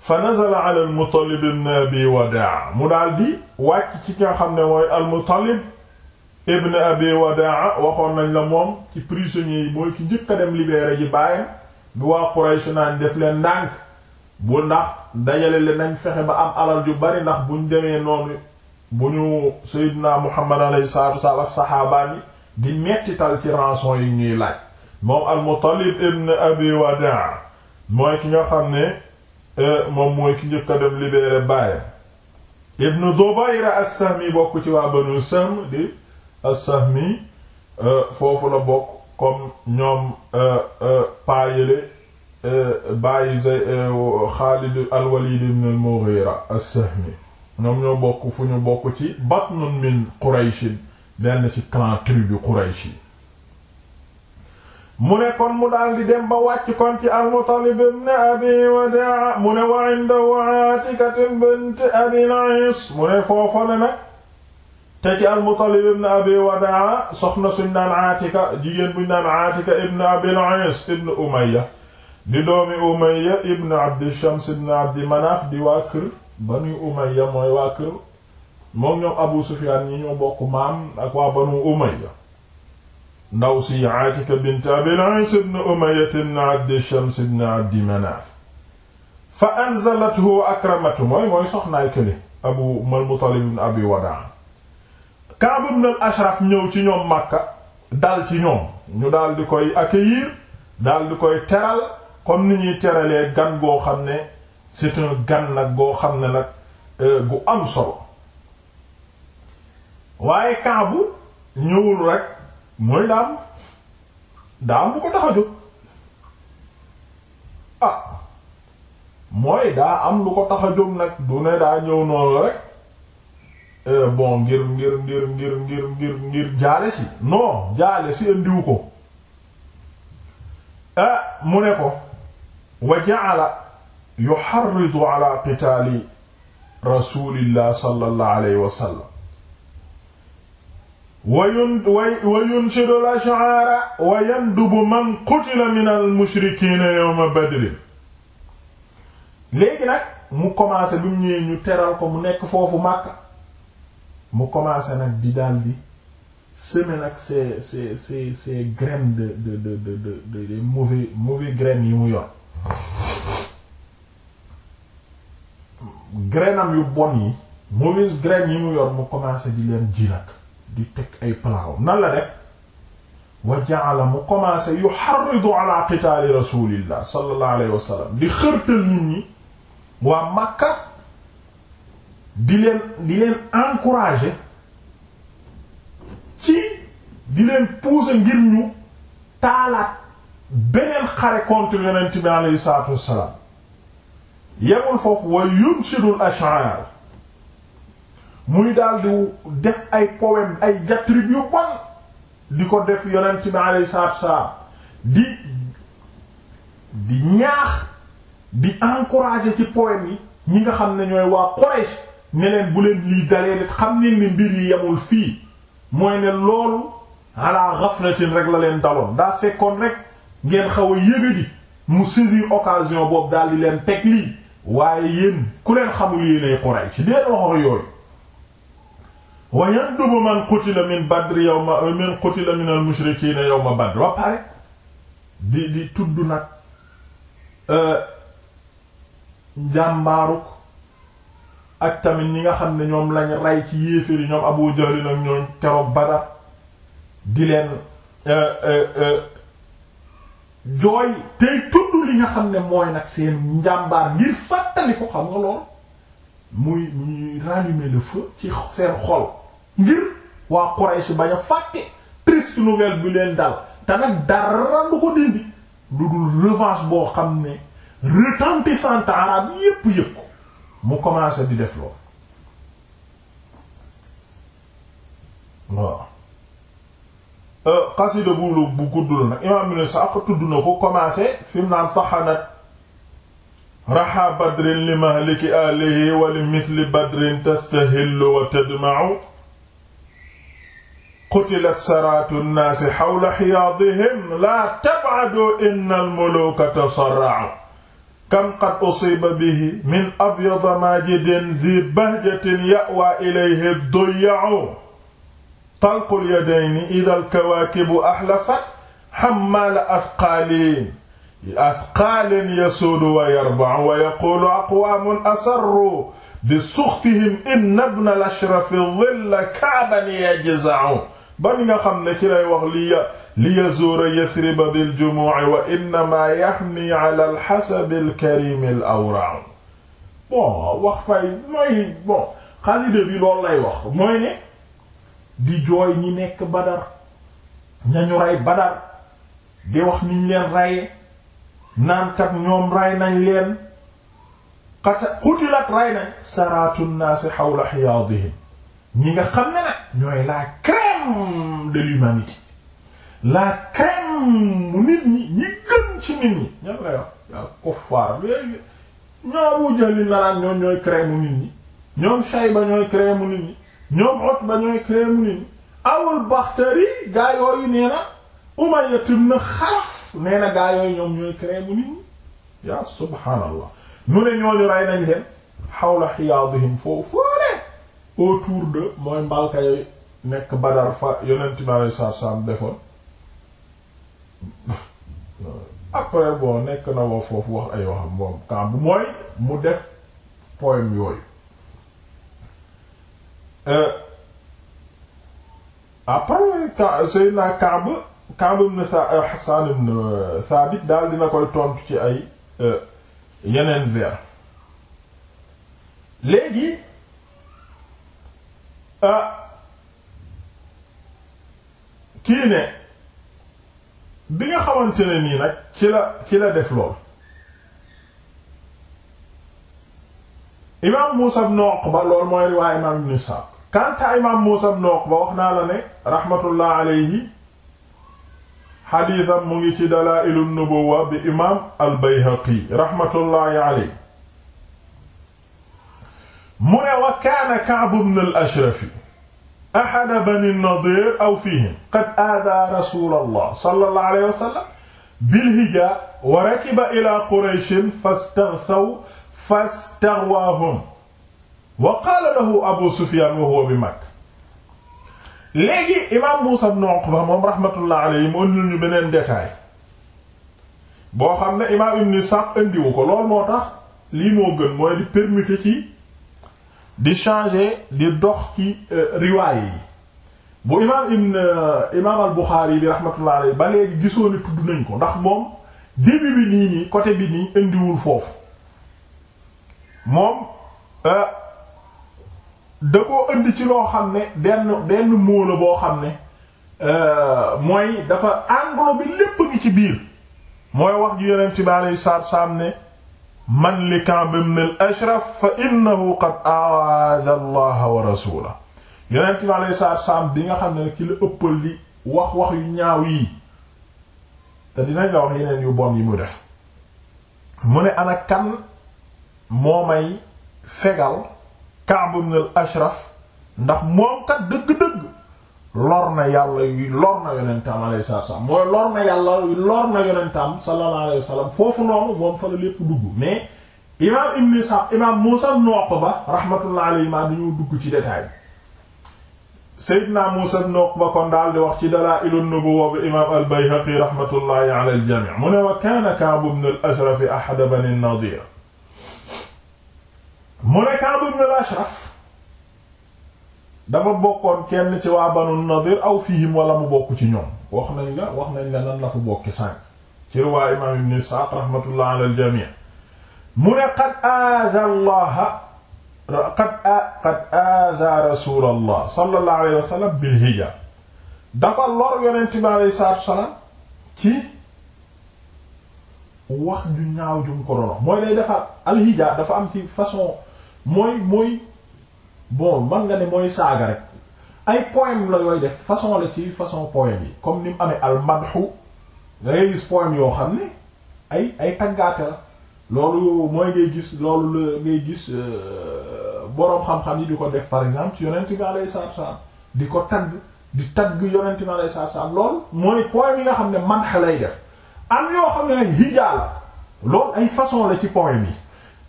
fa nazala ala al-Muttalib ibn Abi Wadaa mu daal di wàcc ci nga xam ne mooy al-Muttalib ibn Abi Wadaa waxoon nañ la moom ci prisonnier yi mooy ki njëkk a dem libéré ji baayam bi waa Quraysh naan def leen ndànk bu ndax dajale leen nañ fexe ba am alal ju bari ndax buñ demee noonu bu ñu Seydina Muhammad alayhi salaatu wasallam ak di mettital ci rançon yi ñuy laaj moom al-Muttalib ibn Abi Wada' mooy ki nga xam ne eh, moom mooy ki njëkk a dem libérer baayam ibn Dubayra as bokk ci waa Banu Sahm di as eh, foofu la bokk comme ñoom euh, euh, paayele euh, bàyyi zay Xaalid al-Walid ibn ñoom ñoo bokk fu ñu bokk ci batnun min Quraysh benn ci clan tribu Quraysh mu ne mu daal dem ba wàcc kon ci al-Muttalib Wadaa mu wa indahu Aatika bint Abi Lays mu ne foofa la nag te ci al-Muttalib ibn Abi Wadaa soxna suñ naan Aatika jigéen buñ naan Aatika ibn Abil Ays ibn Umayya di doomi Umayya ibn Abdi Shams ibn Abdi Manaf di waa kër Banu Umayya mooy waa kër moom ñoom Abu Sufyaan ñi ñoo bokk maam ak waa Banu Umayya ndaw si Aatika bint Abil Ays ibn Umayya ibn Abdi Shams ibn Abdi Manaf fa anzalathu wa akramatu mooy mooy soxnaay kële Abu Muttalib ibn Abi Wadaa Kaab ibn al-Ashraf ñëw ci ñoom Makka dal ci ñoom ñu daal di koy accueillir daal di koy teral comme ni ñuy teralee gan goo xam ne c'est un gan nag goo xam ne nag euh, gu am solo waaye Kaab ñëwul rek mooy daam daam bu ko tax a jóg ah mooy daa am lu ko tax a jóg nag du ne daa ñëw noonu rek. Eh, bon ngir ngir ngir ngir ngir ngir ngir jaale si non jaale si andiwu ko eh, mu ne ko wa ja'ala yuharridu ala qitaali rasulillah sallallahu alayhi wa sallam wa yunshidu al-ash'aara wa yandubu man qutila min al-mushrikiina yawma badrin léegi nag mu commencé bi mu ñëwee ñu teral ko mu nekk foofu Makka mu commencé nag di daal di semer nag ces ces ces ces graines de de de de de de yi mu yor grainam yu bon yi mauvaise graine yi mu yor mu commencé di leen ji nag di teg ay plan nan la def wa ja'ala mu commencé yuharridu ala qitaali rasulillah sallallahu alayhi wa sallam di xërtal nit ñi waa Makka di leen di leen encourager ci di leen pousser ngir ñu taalaat beneen xare contre yonent bi aleyhi salaatu wassalaam yemul foofu wa yunshidul ash'ar muy daal di def ay poème ay diatribe yu bon di ko def yonent bi aleyhi salaatu wassalaam di di ñaax di encourager ci poème yi ñi nga xam ne ñooy waa Quraysh ne leen bu leen lii dalee xam ne ni mbir yi yamul fii mooy ne loolu ala ghaflatin rek la leen daloon daa fekkoon rek ngeen xaw a yëgadi mu saisir occasion boobu daal di leen teg lii waaye yéen ku leen xamul yéenay Quraysh dee waxor yooyu wa yandubu man qutila min Badr yawma man qutila min al mushrikiin yawma Badr ba pare di di tudd nag euh, jàmbaaruk ak tamit ñi nga xam ne ñoom lañ rey ci yéeféer ñoom Abu Jahl nag ñooñ keroog Badar di leen euh, euh, euh, jooy tey tudd li nga xam ne mooy nag seen njàmbaar ngir fàttali ko xam nga lool muy muy rallumer le feu ci seen xol ngir waa Quraysh bañ a fàtte triste nouvelle bi leen dal te nag dara du ko dindi lu dul revanche boo xam ne retentissante arabe yépp yëpp mu commencé di def loo waaw euh, xasida bu bu gudd la nag imaam ibn Sa'd tudd na ko commencé fi mu naan taxanat raxa badrin li mahliki ahlihi wa li misli badrin tastahillu wa tadma'u qutilat saraatu nnaasi xawla xiyaadihim laa tab'adu inna al-muluuka tasarra'u kam qad usiba bihi min abyada majidin zi bahjatin ya'wa ilayhi doyau talqul yadayni idha alkawaakibu ahlafat hammaala athqaalin athqaalin yasuudu wa yarbacu wa yaquulu aqwaamun asarru bisuxtihim inna ibna al-ashrafi dhilla ka'ban yajzacu ba nga xam ne ci lay wax lii li yazuura yasriba bil jumuu'i wa innamaa yaxni ala alxasabi alkarimi al awraa bon wax fay mooy bon xasida bi loolu lay wax mooy ne di jooy ñi nekk badar ñañu rey badar di wax niñ leen reye naankat ñoom ray nañ leen xata xutilat rey nañ saraatu nnaasi xawla xiyaadihim ñi nga xam ne nag ñooy la crème de l'humanité la crème mu nit ñi ñi gën ci nit ñi ñan lay wax waaw yooyu ñoo bu jëli naraan ñoom ñooy crème mu nit ñi ñoom Shayba ñooy ñooy crème mu nit ñi awul Bakhtari gaa yooyu nee na Umayya ibn Khalaf nee na ñoom ñooy crème mu nit ñi yaa subhaanallah mu ne ñooñu rey nañ leen xawla xiyaadihim foofu foore autour de mooy mbalka yooyu nekk Badar fa yonent bi sallallahu defoon après bon nekk na woo foofu wax ay waxam moom kamb mooy mu def poème yooyu euh, après Seydina Kaab Kaab ibn euh, Hassan ibn Sabit euh, daal dina koy tontu ci ay yeneen vers léegi kii ne bi nga xamante nii nag ci la ci la def lool imaam Muusa ibn Uqba loolu mooy riwaay imaam ibn Sa'd kanta imaam Muusa ibn Uqba wax naa la ne rahmatullah alayhi xadiisam mu ngi ci Dalaa'ilu Nubuwwa bi imaam al-Bayhaqi rahmatullahi alayhi mu ne wa kaana Ka'b ibn al-Ashrafi ahada bani nadir aw fihim qad aada rasul allah sallallahu alayhi wa sallam bilhija wa rakiba ila qurayshin fastaghsaw fastaghwaahum wa qaala lahu abu sufyan wa huwa bi makka léegi imaam muusa ibn uqba moom rahmatullah alayhi mu ëndil ñu beneen détail boo xam ne imaam ibn sa'd indiwu ko loolu moo tax lii moo gën mooy di permuter ci di changer di dox ci euh, riwaaye yi bu imaam ibn euh, imaam al Buxaari bi rahmatullah alayhi ba léegi gisoo ne tudd nañ ko ndax moom début bi nii nii côté bi nii indiwul foofu moom euh, da koo indi ci loo xam ne benn benn mot boo xam ne mooy dafa englobe bi lépp ngi ci biir mooy wax ju Yonent bi alayhi salaatu salaam ne man li Ka'b ibn al-Ashraf fa innahu qad a'aadha Allah wa rasuulahu yonent bi alayhi salaatu wa bi nga xam ne ci la ëppal li wax wax yu ñaaw yi te dinañ la wax yeneen yu bon yi mu def mu ne ana kan moo may fegal Ka'b ibn al-Ashraf ndax moom kat dëgg-dëgg lor na yàlla lor na yonentam alayhi salaam mooy lor na yàlla lor na yonentam sallallahu alayhi foofu noonu moom fa la lépp dugg mais imaam ibn Isxaaq imaam Muusaa ibn Uqba rahmatullah alayhi ma dañu dugg ci détail Seydina Muusaa ibn Uqba kon daal di wax ci Dalaa'ilun Nubuwwa bi imaam al-Bayhaqi rahmatullahi ala al-jamii' wa kaana Ka'b ibn al-Ashraf ahada bani dafa bokkoon kenn ci waa banu nadir aw fihim wala mu bokk ci ñoom wax nañ la wax nañ la nan la fa bokki sànq ci riwaa imam ibn isxaaq rahmatullah ala mu ne qad aada allaha qad qad allah sallallahu alayhi wa sallam bil salaam ci wax ju ñaaw ju ko doon mooy day defar alhija dafa am ci façon mooy mooy bon man nga ne mooy saaga rek ay poème la yooyu def façon la ci façon poème yi comme ni mu amee almadhu nga ngay gis poème yoo xam ne ay ay taggaate la loolu mooy ngay gis loolu la ngay gis euh, boroom xam-xam yi di ko def par exemple ci yonent bi alayhi salaatu salaam di ko tagg di tagg yonent bi alayhi salaatu salaam loolu mooy poème yi nga xam ne man lay def am yoo xam ne nag hijaala loolu ay façon la ci poème yi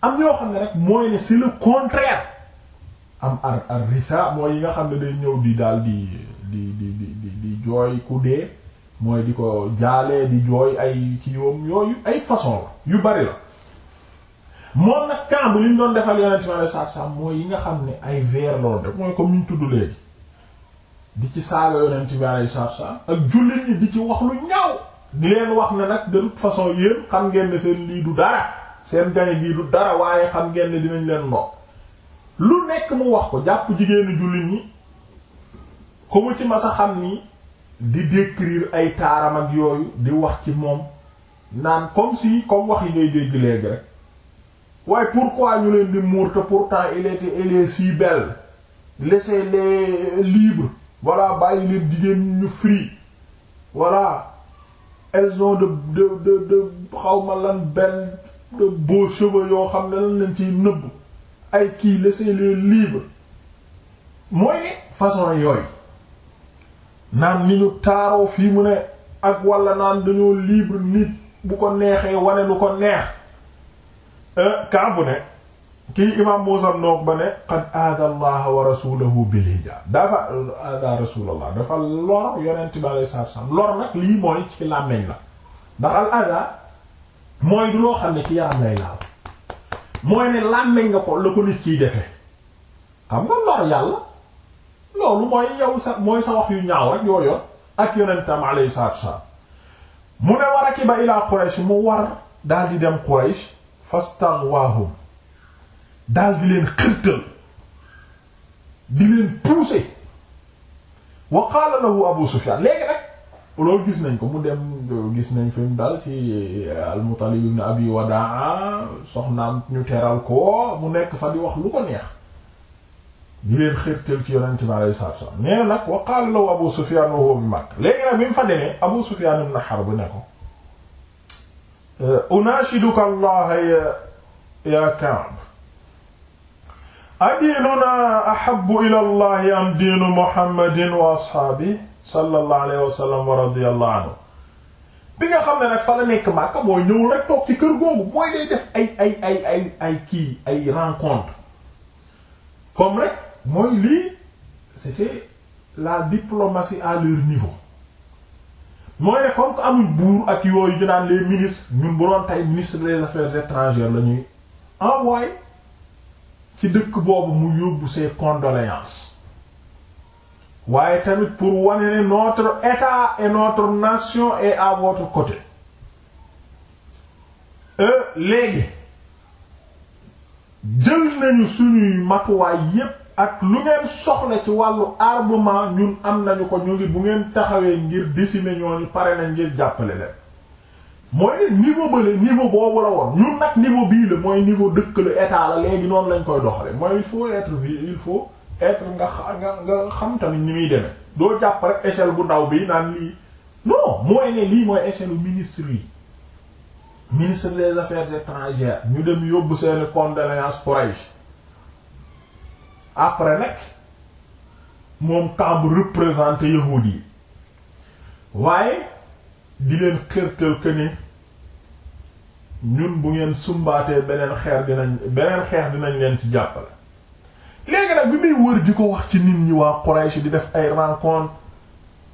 am yoo xam ne rek mooy ne c'est le contraire am ar ar risa mooy yi nga xam ne day ñëw di daal di di di di di jooy ku dee mooy di ko jaalee di jooy ay ci yoom yooyu ay façon la yu bari la moom nag kamb li ñu doon defal yonent ma ne saab-saab yi nga xam ne ay vers loolu def mooy comme di ci saaga yonent bi alayhi ak jullit ñi di ci wax lu ñaaw leen wax ne nag de toute façon yéen xam ngeen ne seen lii du dara seen gañe gii du dara waaye xam ngeen ne dinañ leen no lu nekk mu wax ko jàpp jigéenu jullit ñi ko mu ci masa xam ni di décrire ay taaram ak yooyu di wax ci moom naan comme si comme wax yi ngay dégg léegi rek waaye pourquoi ñu leen di muur te pourtant il était si belle laissez-les libres voilà bàyyi leen jigéen ñu free voilà elles ont de de de de xawma lan belle de beaux yoo xam ne la leen ci nëbb ay kii laissez-les libres mooy façon yooyu naan ni ñu taaroo fii mu ne ak walla naan dañoo libre nit bu ko neexee wane lu ko neex euh, kaabu ne kii imam Musa noog ba ne qad aada allah wa rasulahu bil hijab dafa aada rasulallah dafa lor yonent bi alayhi salaatu wasallam lor nag lii mooy ci làmmeñ la ndax al aada mooy du loo xam ne ci yaram lay laal mooy ne làmmeñ nga ko la ko nit ciy defe xam nga lor yàlla loolu mooy yow sa mooy sa wax yu ñaaw rek yoo ak yonentam alayhi salaatu wasalaam mu ne war a ki ilaa Quraysh mu war daal di dem Quraysh fastaghwaahum daal di leen xërtal di leen pousser wa Abu Sufyaan léegi nag loolu gis nañ ko mu dem gis nañ fi mu dal ci eh, al-Muttalib ibn Abi Wadaa soxnaam ñu teral ko mu nekk fa di wax lu ko neex di leen xërtal ci yonent bi alayhi salaatu wasallam nee Abu Sufyaan wa huwa bi Makka léegi nag bi mu Abu Sufyaan ibn Harb ne ko eh, unaashiduka Allah ya Ka'b adiinuna ahabbu ila Allah am diinu Muhammadin wa ashaabihi sallallahu alayhi wa sallam wa radiyallahu bi nga xam ne nag fa la nekk Makka mooy ñëwul rek toog ci kër googu mooy day def ay ay ay ay kii ay rencontre comme rek mooy lii c'était la diplomatie à leur niveau mooy ne comme que amul buur ak yooyu naan les ministres ñun dëkk boobu mu yóbbu ses condoléances waaye tamit pour wane ne notre état et notre nation et à côté e, léegi jël nañu suñuy matuwaay yépp ak lu ngeen soxla ci wàllu armement ñun am nañu ko ñu ngi bu ngeen taxawee ngir décimer ñooñu pare nañ ngir jàppale leen mooy niveau bële niveau boobu la woon ñun nag niveau bii la mooy niveau dëkk la état la léegi noonu lañ koy doxale mooy il faut être il faut être nga nga nga xam tamit ni muy demee doo jàpp rek échelle bu ndaw bii naan lii non mooy ne lii mooy échelle ministre yi ministre des affaires étrangères ñu dem yóbbu seeni condoléances Quraish après nag moom temps bu représenté yahuud yi waaye di leen xërtal que ne ñun bu ngeen sumbaatee beneen xeer dinañ beneen xeer dinañ leen ci jàppale léegi nag bi muy wër di ko wax ci nit ñi waa Quraysh di def ay rencontre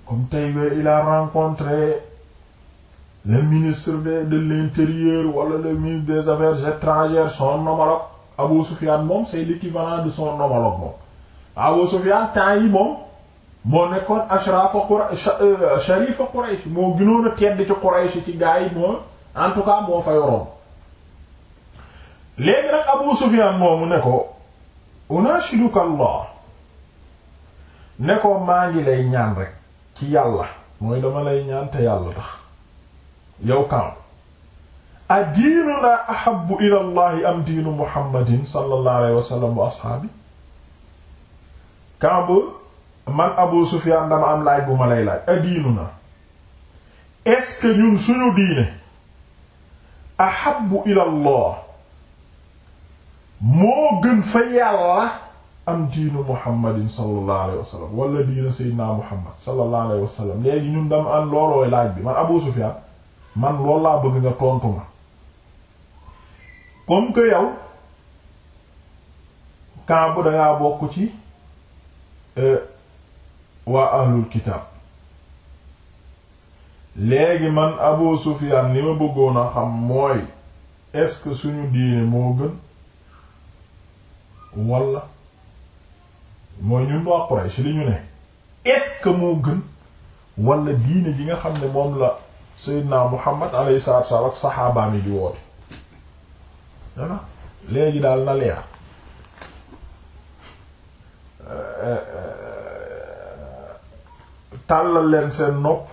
comme tey il a rencontré le ministre de de l'intérieur wala le ministre des affaires étrangères son homologue Abou Soufiane moom c'est l'équivalent de son homologue moom Abou Soufiane temps yi moom moo nekkoon ashrafa Quraysh sharifa Quraysh moo gënoon a ci Quraysh ci gaa yi moo en tout cas moo fa yoroon léegi nag Abou Soufiane moomu ne ko unashiduka Allah ne ko maa ngi lay ñaan rek ci yàlla mooy dama lay ñaan te yàlla tax yow kaw a diinunaa ahabu ila am diinu muhammadin sallallahu alayhi wa ashaabi kamb man abu sufyan dama am laaj bu ma lay laaj a diinu na suñu diine ahabu ila moo gën fa yàlla am diinu muhammadin sallallahu alayhi wa sallam wala diina seydina muhammad sallallahu alayhi wa léegi ñun dama am loolooy laaj bi man Abu Sufyan man loolu laa bëgg nga tontu ma comme que Kaabu dangaa bokk ci euh, waa ahlul kitaab léegi man Abu Sufyan li ma bëggoon a xam mooy est-ce suñu diine moo gën wala mooy ñun waa Quraysh li ñu ne est moo gën wala diine ji nga xam ne moom la Seydina Muhammad alayhi salaatu wasallam ak saxaabaam yi di woote léegi daal na leer tàllal leen seen nopp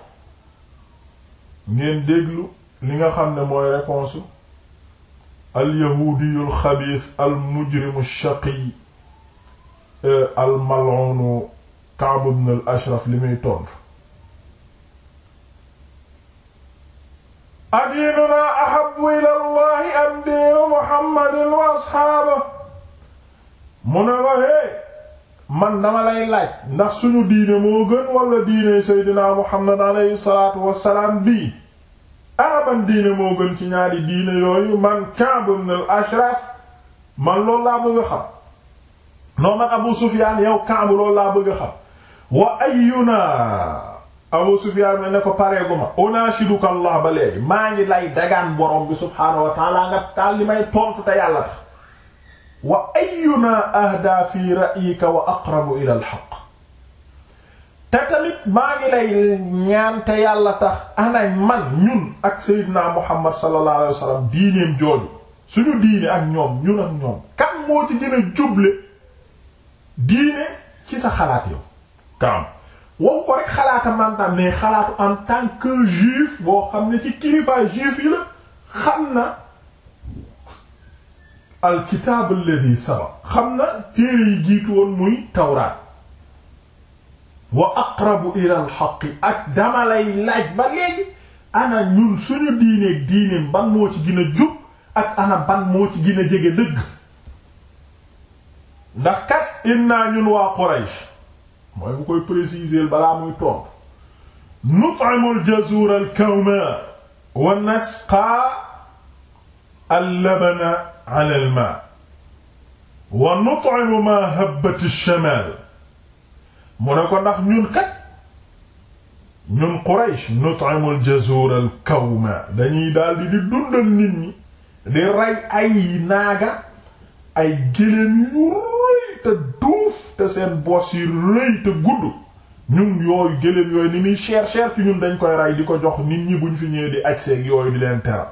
ngeen déglu li nga xam ne mooy réponse alyahuudiyu alxabiis almujrimu shaqiy eh, almal'uunu Ka'b ibn al-Ashraf li muy tontu adiinunaa ahabbu ilaa Allahi am diinu Muhammadin wa ashaabihi mu ne ma hee man dama lay laaj ndax suñu diine moo gën wala diine Seydina Muhammad alayhi salaatu wa salaam bii araban ah, diine moo gën ci ñaari diine yooyu man Ka'b ibn al-Ashraf man loolu laa bëgg a xam noo man Abu Sufyaan yow Ka'b loolu laa bëgg a xam wa ayyuna Abu Sufyaan ma ne ko pareeguma unaashiduka Allah ba léegi maa ngi lay dagaan borom bi subhaanahu wa ta'aala nga taal li may tontu te yàlla tax wa ayyuna ahdaa fi ra'yika wa aqrabu ila al-haqq te tamit maa ngi lay ñaante yàlla tax anay man ñun ak Seydina Muhammad sallallahu alayhi wa sallam diineem jooju suñu diine ak ñoom ñun ak ñoom kan moo ci gën a juble diine ci sa xalaat yow kaam waxu ko rek xalaata mantam mais xalaatu en tant juif boo xam ne ci kilifa juif yi la xam na al kitaab xam na téere yi jiitu woon muy tawraat wa aqrabu ila al xaqi ak dama lay laaj ba léegi ana ñun suñu diineeg diineem ban moo ci gën a jub ak ana ban moo ci gën a jege dëgg ndax kat innaa ñun waa Quraysh mooy bu koy préciser balaa muy tontu nut'imul jazuur al kawma wa nasqaa al labana ala al maa wa nut'imu maa habbati shamaal mu ne ko ndax ñun kat ñun Quraysh nut'imul jazur al kawma dañuy daldi di dundal nit ñi di rey ay naaga ay géléem yu rëy te duuf te seen boos yi rëy te gudd ñun yooyu géléem yooyu ni muy cher cher ci ñun dañ koy rey di ko jox nit ñi buñ fi ñëwee di agseeg yooyu di leen teral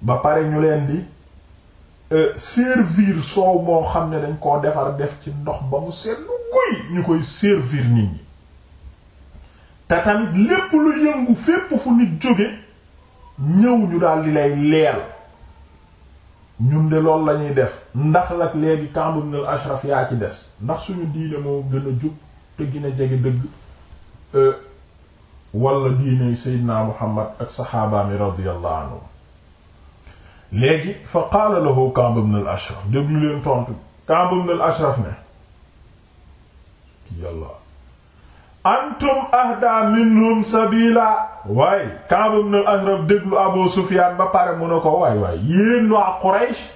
ba pare ñu leen di Euh, servir soow moo xam ne dañ koo defar def ci ndox ba mu seetlu guy ñu koy servir nit ñi te tamit lépp lu yëngu fépp fu nit jóge ñëw ñu daal di lay leel ñun de loolu lañuy def ndax nag léegi Ka'b ibn al-Ashraf yaa ci des ndax suñu diine moo gën a jóg te gën a jege dëgg euh, wala diine Seydina Muhammad ak saxaabaami radiyallahu anhu léegi fa qaala lahu Ka'b ibn ashraf déglu leen tontu Ka'b ibn ashraf ne yàlla antum ahda minhum sabila waaye Ka'b ibn ashraf déglu Abu Sufyan ba pare mu ne ko waay waay yéen waa Quraysh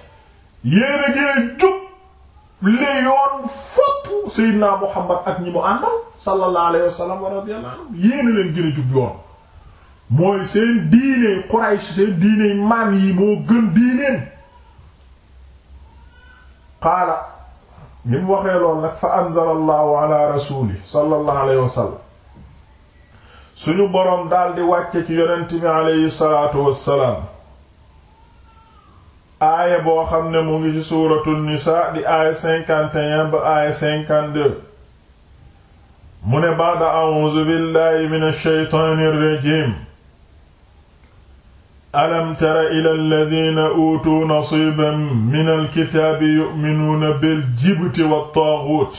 yéen a ngeen jub li yoon fopp Seydina Muhammad ak ñi mu àndal sallallahu alayhi wa sallam wa radiyallahu yéen a leen gën jub yoon mooy seen diine Quraysh seen diine maam yi moo gën diineen qaala bi mu waxee lool nag fa anzala allahu ala rasuli sallallahu suñu boroom daldi wàcce ci yonent bi aleyhi salaatu wassalaam aaya boo xam ne mu ngi ci suuratul nisaa di aaya 51 ba aaya 52 mu ne ba'da a'uuzu billahi minash shaytaanir rajiim alam tara ila alladina uutuu nasiban min alkitaabi yuminuuna biljibti wattaaguut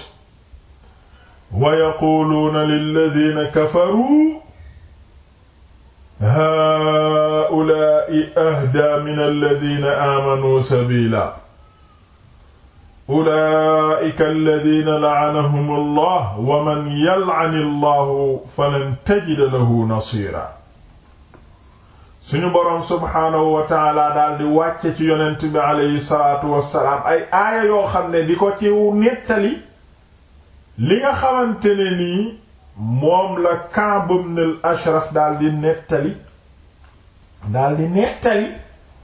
wa yaquuluuna lilladina kafaruu haa'ulaa'i ahdaa min alladina aamanuu sabiila ulaa'ika alladina la'anahum allah wa man yal'ani allahu falan tajida lahu nasiira suñu borom subhaanahu wa taala daal di wàcce ci yonent bi aleyhi salaatu wassalaam ay aaya yoo xam ne di ko ci nettali li nga xamante ne nii moom la Kaab ibn al Ashraf daal di nettali daal di nettali